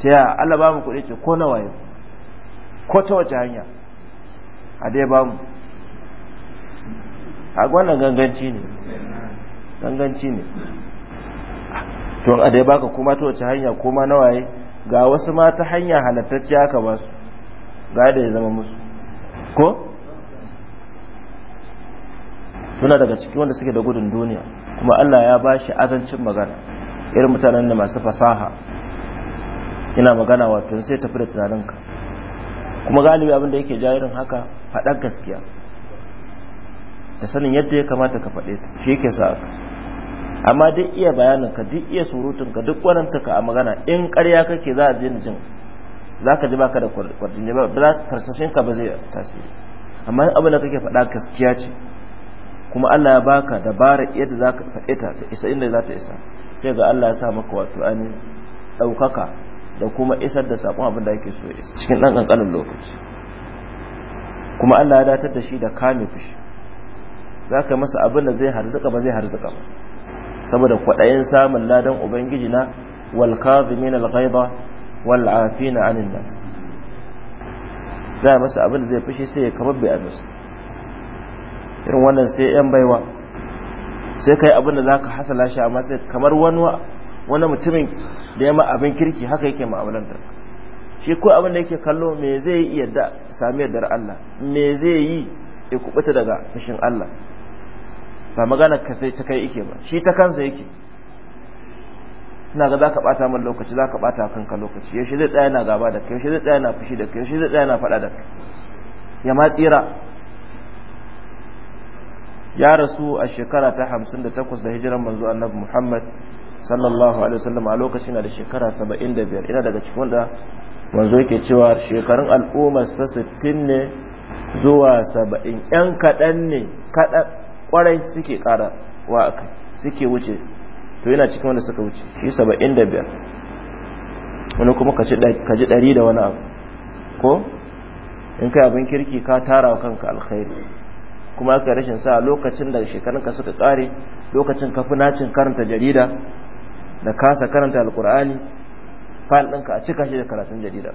S1: sai Allah ba mu kure ce ko na waye ko ta wace hanya a dai ba mu a wannan ganganci ne ganganci ne tun a dai baka kuma ta wace hanya kuma na waye ga wasu ma ta hanya halattacci aka ba su ga da ya zama musu ko suna daga ciki wanda suke da gudun duniya kuma Allah ya ba shi azancin magana irin mutanen da masu fasaha ina magana wato sai tafi da tunaninka kuma galibi abin da yake ja irin haka faɗar gaskiya da sanin yadda ya kamata ka faɗe ta shi ke sa amma duk iya bayanin ka duk iya surutun ka duk waranta ka a magana in ƙarya kake za a je jin za ka ji baka da kwardin ba karsashin ka ba zai tasiri amma in abin da kake faɗa gaskiya ce kuma Allah ya baka dabara yadda za ka faɗe ta ta isa inda za ta isa sai ga Allah ya sa maka wato an ɗaukaka da kuma isar da saƙon abin da ake so ya isa cikin ɗan ƙanƙanin lokaci kuma Allah ya datar da shi da kame fushi za ka masa abin da zai harzuka ba zai harzuka ba saboda kwaɗayin samun ladan ubangiji na wal kazimin al ghaiba wal afina anin nas za masa abin da zai fushi sai ya kamar bai nasu irin wannan sai yan baiwa sai kai abin da zaka hasala shi amma sai kamar wani mutumin da ya ma abin kirki haka yake ma'amulantar shi ko abin da yake kallo me zai yi yadda sami yadda Allah me zai yi ya kubuta daga fushin Allah ba magana ka sai ta kai yake ba shi ta kansa yake ina ga zaka bata min lokaci zaka bata kanka lokaci yaushe zai tsaya yana gaba da kai yaushe zai tsaya yana fushi da kai yaushe zai tsaya yana faɗa da kai ya ma tsira ya rasu a shekara ta 58 da hijiran manzo annabi Muhammad sallallahu alaihi wasallam a lokacin da shekara 75 ina daga cikin wanda manzo yake cewa shekarun al'ummar sa 60 ne zuwa 70 yan kadan ne kadan kwarai suke kara wa a kai suke wuce to yana cikin wanda suka wuce shi saba'in da biyar wani kuma ka ji ɗari da wani abu ko in kai abin kirki ka tara wa kanka alkhairi kuma aka rashin sa lokacin da shekarunka suka kare lokacin fi nacin karanta jarida da kasa karanta alkur'ani fal ɗinka a cika shi da karatun jarida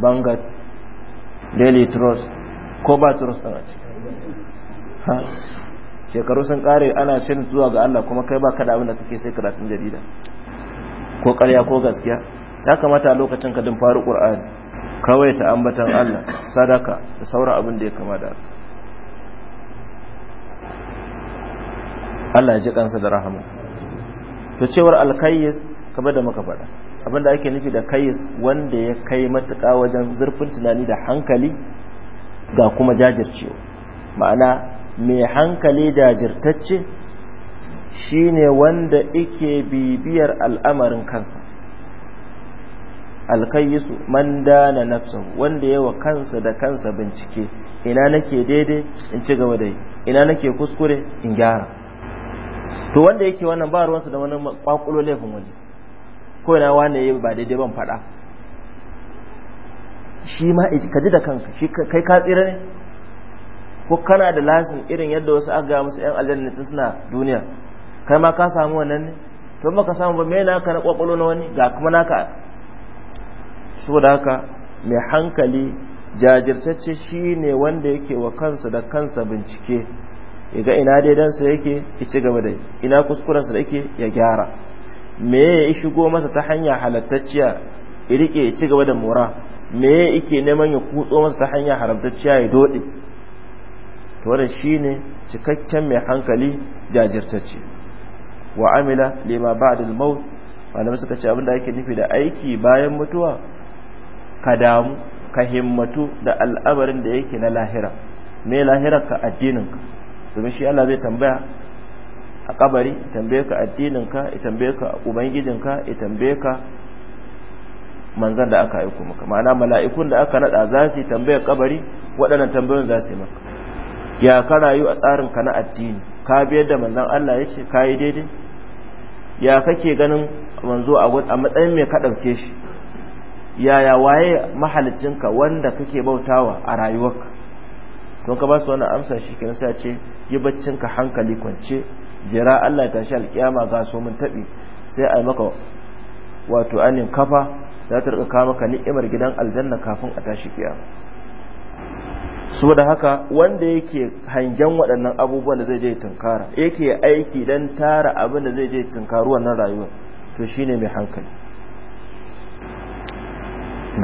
S1: bangat daily trust ko ba trust ɗin a ciki shekaru sun kare ana shirin zuwa ga Allah kuma kai baka da abin da kake sai karatun jarida ko ƙarya ko gaskiya ya kamata a lokacin ka din faru Qur'ani kawai ta ambatan Allah sadaka da sauran abin da ya kama da Allah ya ji kansa da rahama to cewar alkayyis kamar da muka faɗa abin da ake nufi da kayyis wanda ya kai matuƙa wajen zurfin tunani da hankali ga kuma jajircewa ma'ana mai hankali da shi ne wanda ike bibiyar al'amarin kansa alkayisu man dana nafsahu wanda yawa kansa da kansa bincike ina nake daidai in ci gaba da yi ina nake kuskure in gyara to wanda yake wannan ba ruwansa da wani kwakulo laifin wani ko ina wane yi ba daidai ban faɗa shi ma ka ji da kanka shi kai ka tsira ne ko kana da lasin irin yadda wasu aka gaya musu yan aljanna tun suna duniya kai ma ka samu wannan ne to baka samu ba me na ka na kwakwalo na wani ga kuma naka saboda haka mai hankali jajirtacce shine wanda yake wa kansa da kansa bincike ya ga ina daidansa yake ya ci gaba da ina kuskurensa sa yake ya gyara me ya shigo masa ta hanya halattacciya ya rike ya ci gaba da mura me yake neman ya kutso masa ta hanya haramtacciya ya dode to wannan shine cikakken mai hankali jajirtacce wa amila lima ba'da al-maut malamai suka ce abinda ake nufi da aiki bayan mutuwa ka damu ka himmatu da al'amarin da yake na lahira me lahirar ka addininka domin shi Allah zai tambaya a kabari tambaye ka addininka ya tambaye ka ubangijinka ya tambaye ka manzan da aka aiko maka ma'ana mala'ikun da aka nada za su tambayar kabari waɗannan tambayoyin za su maka ya ka rayu a tsarin ka na addini ka biyar da manzon Allah yace ka yi daidai ya kake ganin manzo a matsayin mai ka ɗauke shi yaya waye mahalicinka wanda kake bautawa a rayuwarka don ka ba su wani amsa shi kenan sai ce yi ka hankali kwance jira Allah ya tashi alkiyama ga so mun tabi sai a maka wato anin kafa za ta rika kawo maka ni'imar gidan aljanna kafin a tashi kiyama saboda haka wanda yake hangen waɗannan abubuwan da zai je tunkara yake aiki dan tara abin da zai je tunkaru wannan rayuwa to shine mai hankali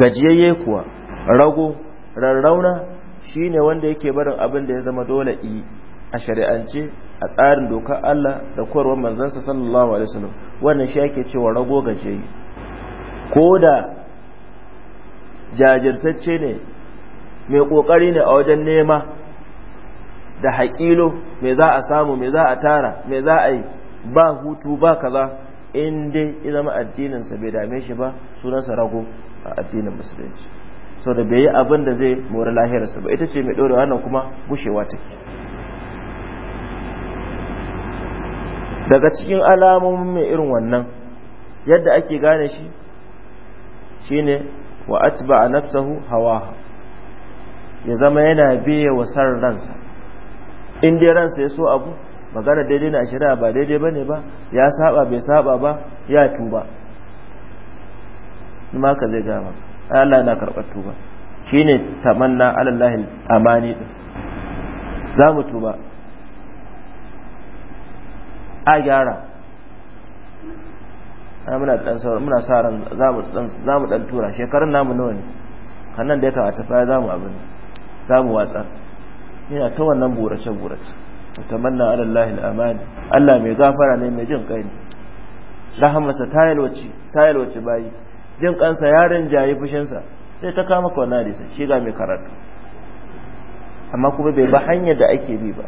S1: gajiyayye kuwa rago rarrauna shine wanda yake barin abin da ya zama dole yi a shari'ance a tsarin dokar Allah da koyarwar manzansa sallallahu alaihi wasallam wannan shi yake cewa rago gajiyayye ko da jajirtacce ne mai kokari ne a wajen nema da haƙilo me za a samu me za a tara mai za a yi ba hutu ba kaza in dai ya zama addininsa bai dame shi ba sunansa rago a addinin musulunci sau da bai yi abin da zai mori lahirarsa ba ita ce mai ɗorewa nan kuma gushewa take daga cikin alamomin mai irin wannan yadda ake gane shi shine wa atba nafsahu hawa. ya zama yana biye wa san ransa in dai ransa ya so abu magana daidai na shari'a ba daidai bane ba ya saba bai saba ba ya tuba ma ka zai gama Allah yana karɓar tuba shine tamanna alallahi amani din za mu tuba a gyara muna muna sa ran za mu dan tura shekarun namu nawa ne kannan da ya kamata fa za mu abin samu watsa yana ta wannan burace burace tamanna ala Allah Allah mai gafara ne mai jin kai rahamarsa ta yalwace bayi jin kansa yaron jayi fushinsa sai ta kama ka wannan shi ga mai karatu amma kuma bai ba hanyar da ake bi ba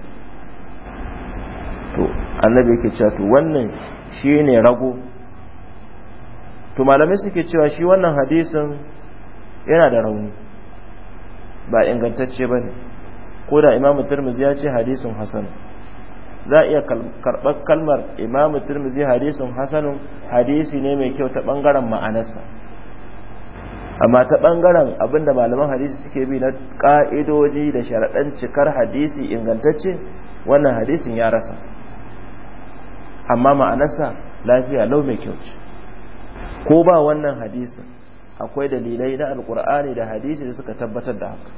S1: to annabi yake cewa to wannan shine rago to malamai suke cewa shi wannan hadisin yana da rauni ba ingantacce ba ne ko da imamu turmuzi ya ce hadisin hasan za a iya karɓar kalmar imamu turmuzi hadisin hasanun hadisi ne mai kyau ta ɓangaren ma'anarsa amma ta ɓangaren abinda malaman hadisi suke bi na ƙa'idoji da sharaɗan cikar hadisi ingantacce wannan hadisin ya rasa amma ma'anarsa lafiya lau mai kyau ko ba wannan hadisin akwai dalilai na alkur'ani da hadisi da suka tabbatar da haka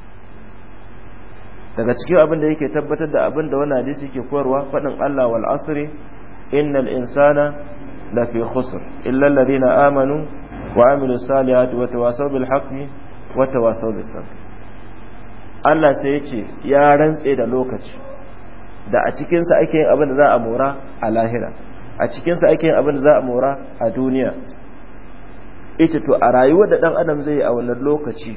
S1: daga cikin abin da yake tabbatar da abin da wani hadisi yake koyarwa faɗin Allah wal asri innal insana lafi khusr illa alladhina amanu wa amilu salihati wa tawasaw bil haqqi wa tawasaw bis sabr Allah sai yace ya rantse da lokaci da a cikin sa ake yin abin da za a mora a lahira a cikin sa ake yin abin da za a mora a duniya ita to a rayuwar da dan adam zai yi a wannan lokaci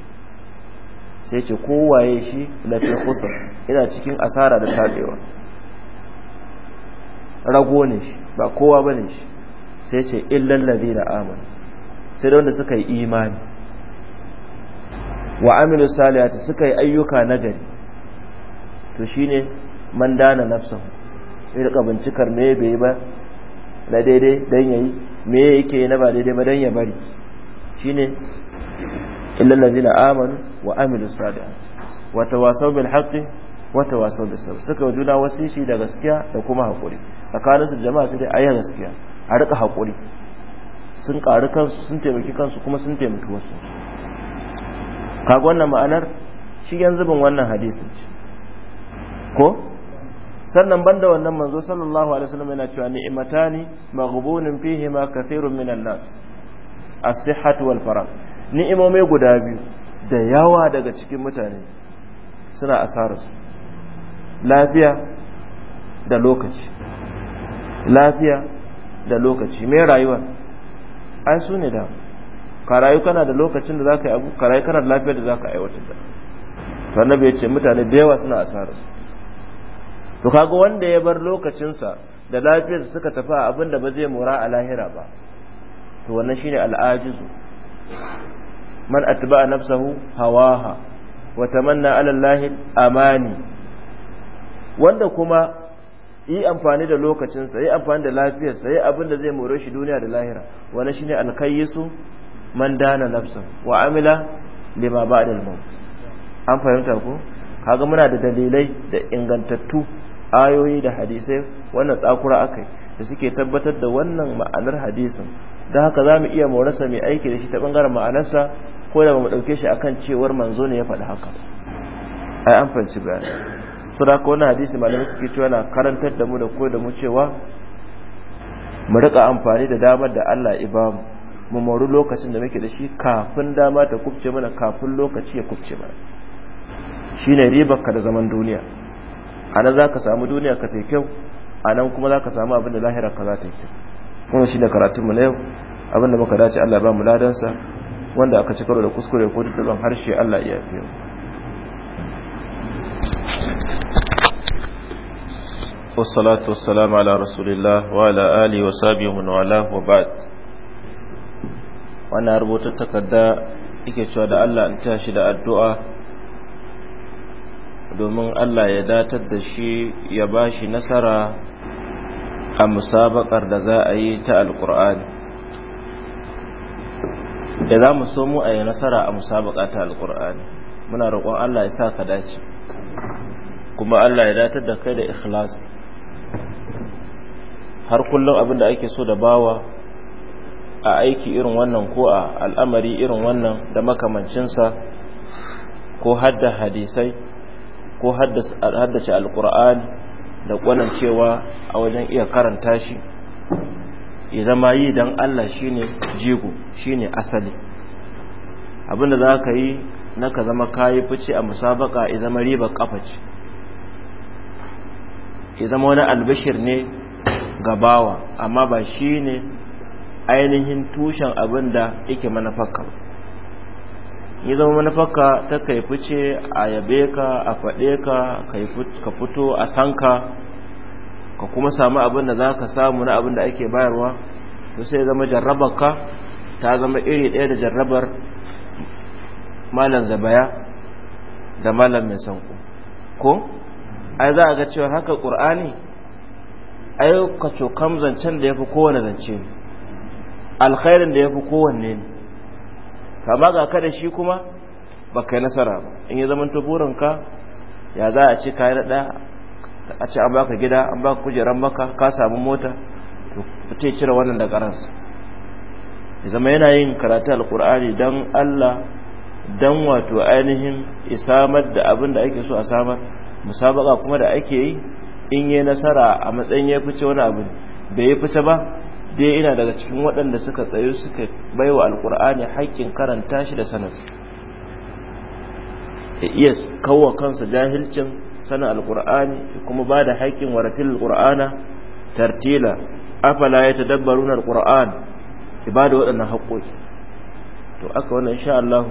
S1: sai ce kowaye shi ce kusa ina cikin asara da tabewa rago ne shi ba kowa bane shi sai ce illal ladina amanu sai da wanda suka yi imani wa amilu salihati suka yi ayyuka nagari to shine man dana nafsahu sai da bincikar me bai ba na daidai dan yayi me yake na ba daidai ba dan ya bari shine illal ladina amanu wa amilu salihat wa tawasaw bil haqqi wa tawasaw bis sabr suka juna wasishi da gaskiya da kuma hakuri tsakanin su jama'a su dai ayi gaskiya a rika hakuri sun karu kansu sun taimaki kansu kuma sun taimaki wasu kaga wannan ma'anar shi yanzu bin wannan hadisin ce ko sannan banda wannan manzo sallallahu alaihi wasallam yana cewa ni'matani maghbunun ma kathirun minan nas as-sihhatu wal farah ni'imomi guda biyu da yawa daga cikin mutane suna asararsu lafiya da lokaci lafiya da lokaci mai rayuwa ai su ne da ka rayu kana da lokacin da zaka yi abu ka rayu kana da lafiyar da zaka aiwatar da annabi ya ce mutane da yawa suna asararsu to kaga wanda ya bar lokacinsa da lafiyar suka tafi a abin da ba zai mura a lahira ba to wannan shine al'ajizu man atba'a nafsahu hawaha wa tamanna 'ala llahi amani wanda kuma yi amfani da lokacinsa yi amfani da sa yi abin da zai more shi duniya da lahira wannan shine alkayyisu man dana nafsahu wa amila lima ba'da al-maut an fahimta ko kaga muna da dalilai da ingantattu ayoyi da hadisai wannan tsakura akai da suke tabbatar da wannan ma'anar hadisin da haka za mu iya morasa mai aiki da shi ta ɓangaren ma'anarsa ko da ba mu ɗauke shi akan cewar manzo ne ya faɗi haka ai an fahimci bayani su da wani hadisi malamai suke cewa na karantar da mu da ko da mu cewa mu riƙa amfani da damar da Allah ya bamu mu mori lokacin da muke da shi kafin dama ta kubce mana kafin lokaci ya kubce mana shine ribar ka da zaman duniya ana za ka samu duniya ka ta kyau a nan kuma za ka samu abin da lahira ka za ta yi kuma shi ne karatunmu na yau abin da muka dace Allah ba mu ladansa wanda aka ci karo da kuskure ko tuttuban harshe Allah iya fiye wassalatu wassalamu ala rasulillah wa ala ali wa mun wa ala wa ba'd wannan rubuta takarda yake cewa da Allah in tashi da addu'a domin Allah ya datar da shi ya bashi nasara a musabakar da za a yi ta alkur'ani da za mu so mu a yi nasara a musabaka ta alkur'ani muna roƙon allah ya sa ka dace kuma allah ya datar da kai da ikhlas har kullum abin da ake so da bawa a aiki irin wannan ko a al'amari irin wannan da makamancinsa ko hadda hadisai ko haddace alkur'ani da cewa a wajen iya karanta shi ya zama yi don Allah shi ne jigo ne asali abinda za ka yi na ka zama kayi fice a musabaka ya zama riba kafa ce ya zama wani albishir ne gabawa amma ba shi ne ainihin tushen abinda yake manafakar ya zama manufaka ta kai fice a yabe ka a faɗe ka ka fito a sanka ka kuma samu abin da za ka samu na abin da ake bayarwa to sai zama jarrabar ka ta zama iri ɗaya da jarrabar malam zabaya da malam mai sanku. ko ai za a ga cewa haka ƙur'ani ai ka cokam zancen da ya fi kowane zance ne alkhairin da ya fi kowanne ne kama ga ka da shi kuma baka yi nasara ba in ya zama burinka ya za a ci kayan ɗaya a ce an baka gida an baka kujerar maka ka samu mota to ta cire wannan da karansa ya zama yana yin karatu alkur'ani don allah don wato ainihin isamar da abin da ake so a samar musabaka kuma da ake yi in yi nasara a matsayin ya fice wani abin bai yi fice ba dai ina daga cikin waɗanda suka tsayo suka baiwa alkur'ani haƙƙin karanta shi da sanarsa ya iya kawo kansa jahilcin sanin alkur'ani kuma ba da haƙƙin waratil alƙur'ana tartila afala ya
S2: tadabbarun ba ibada waɗannan haƙƙoƙi to aka wannan sha Allah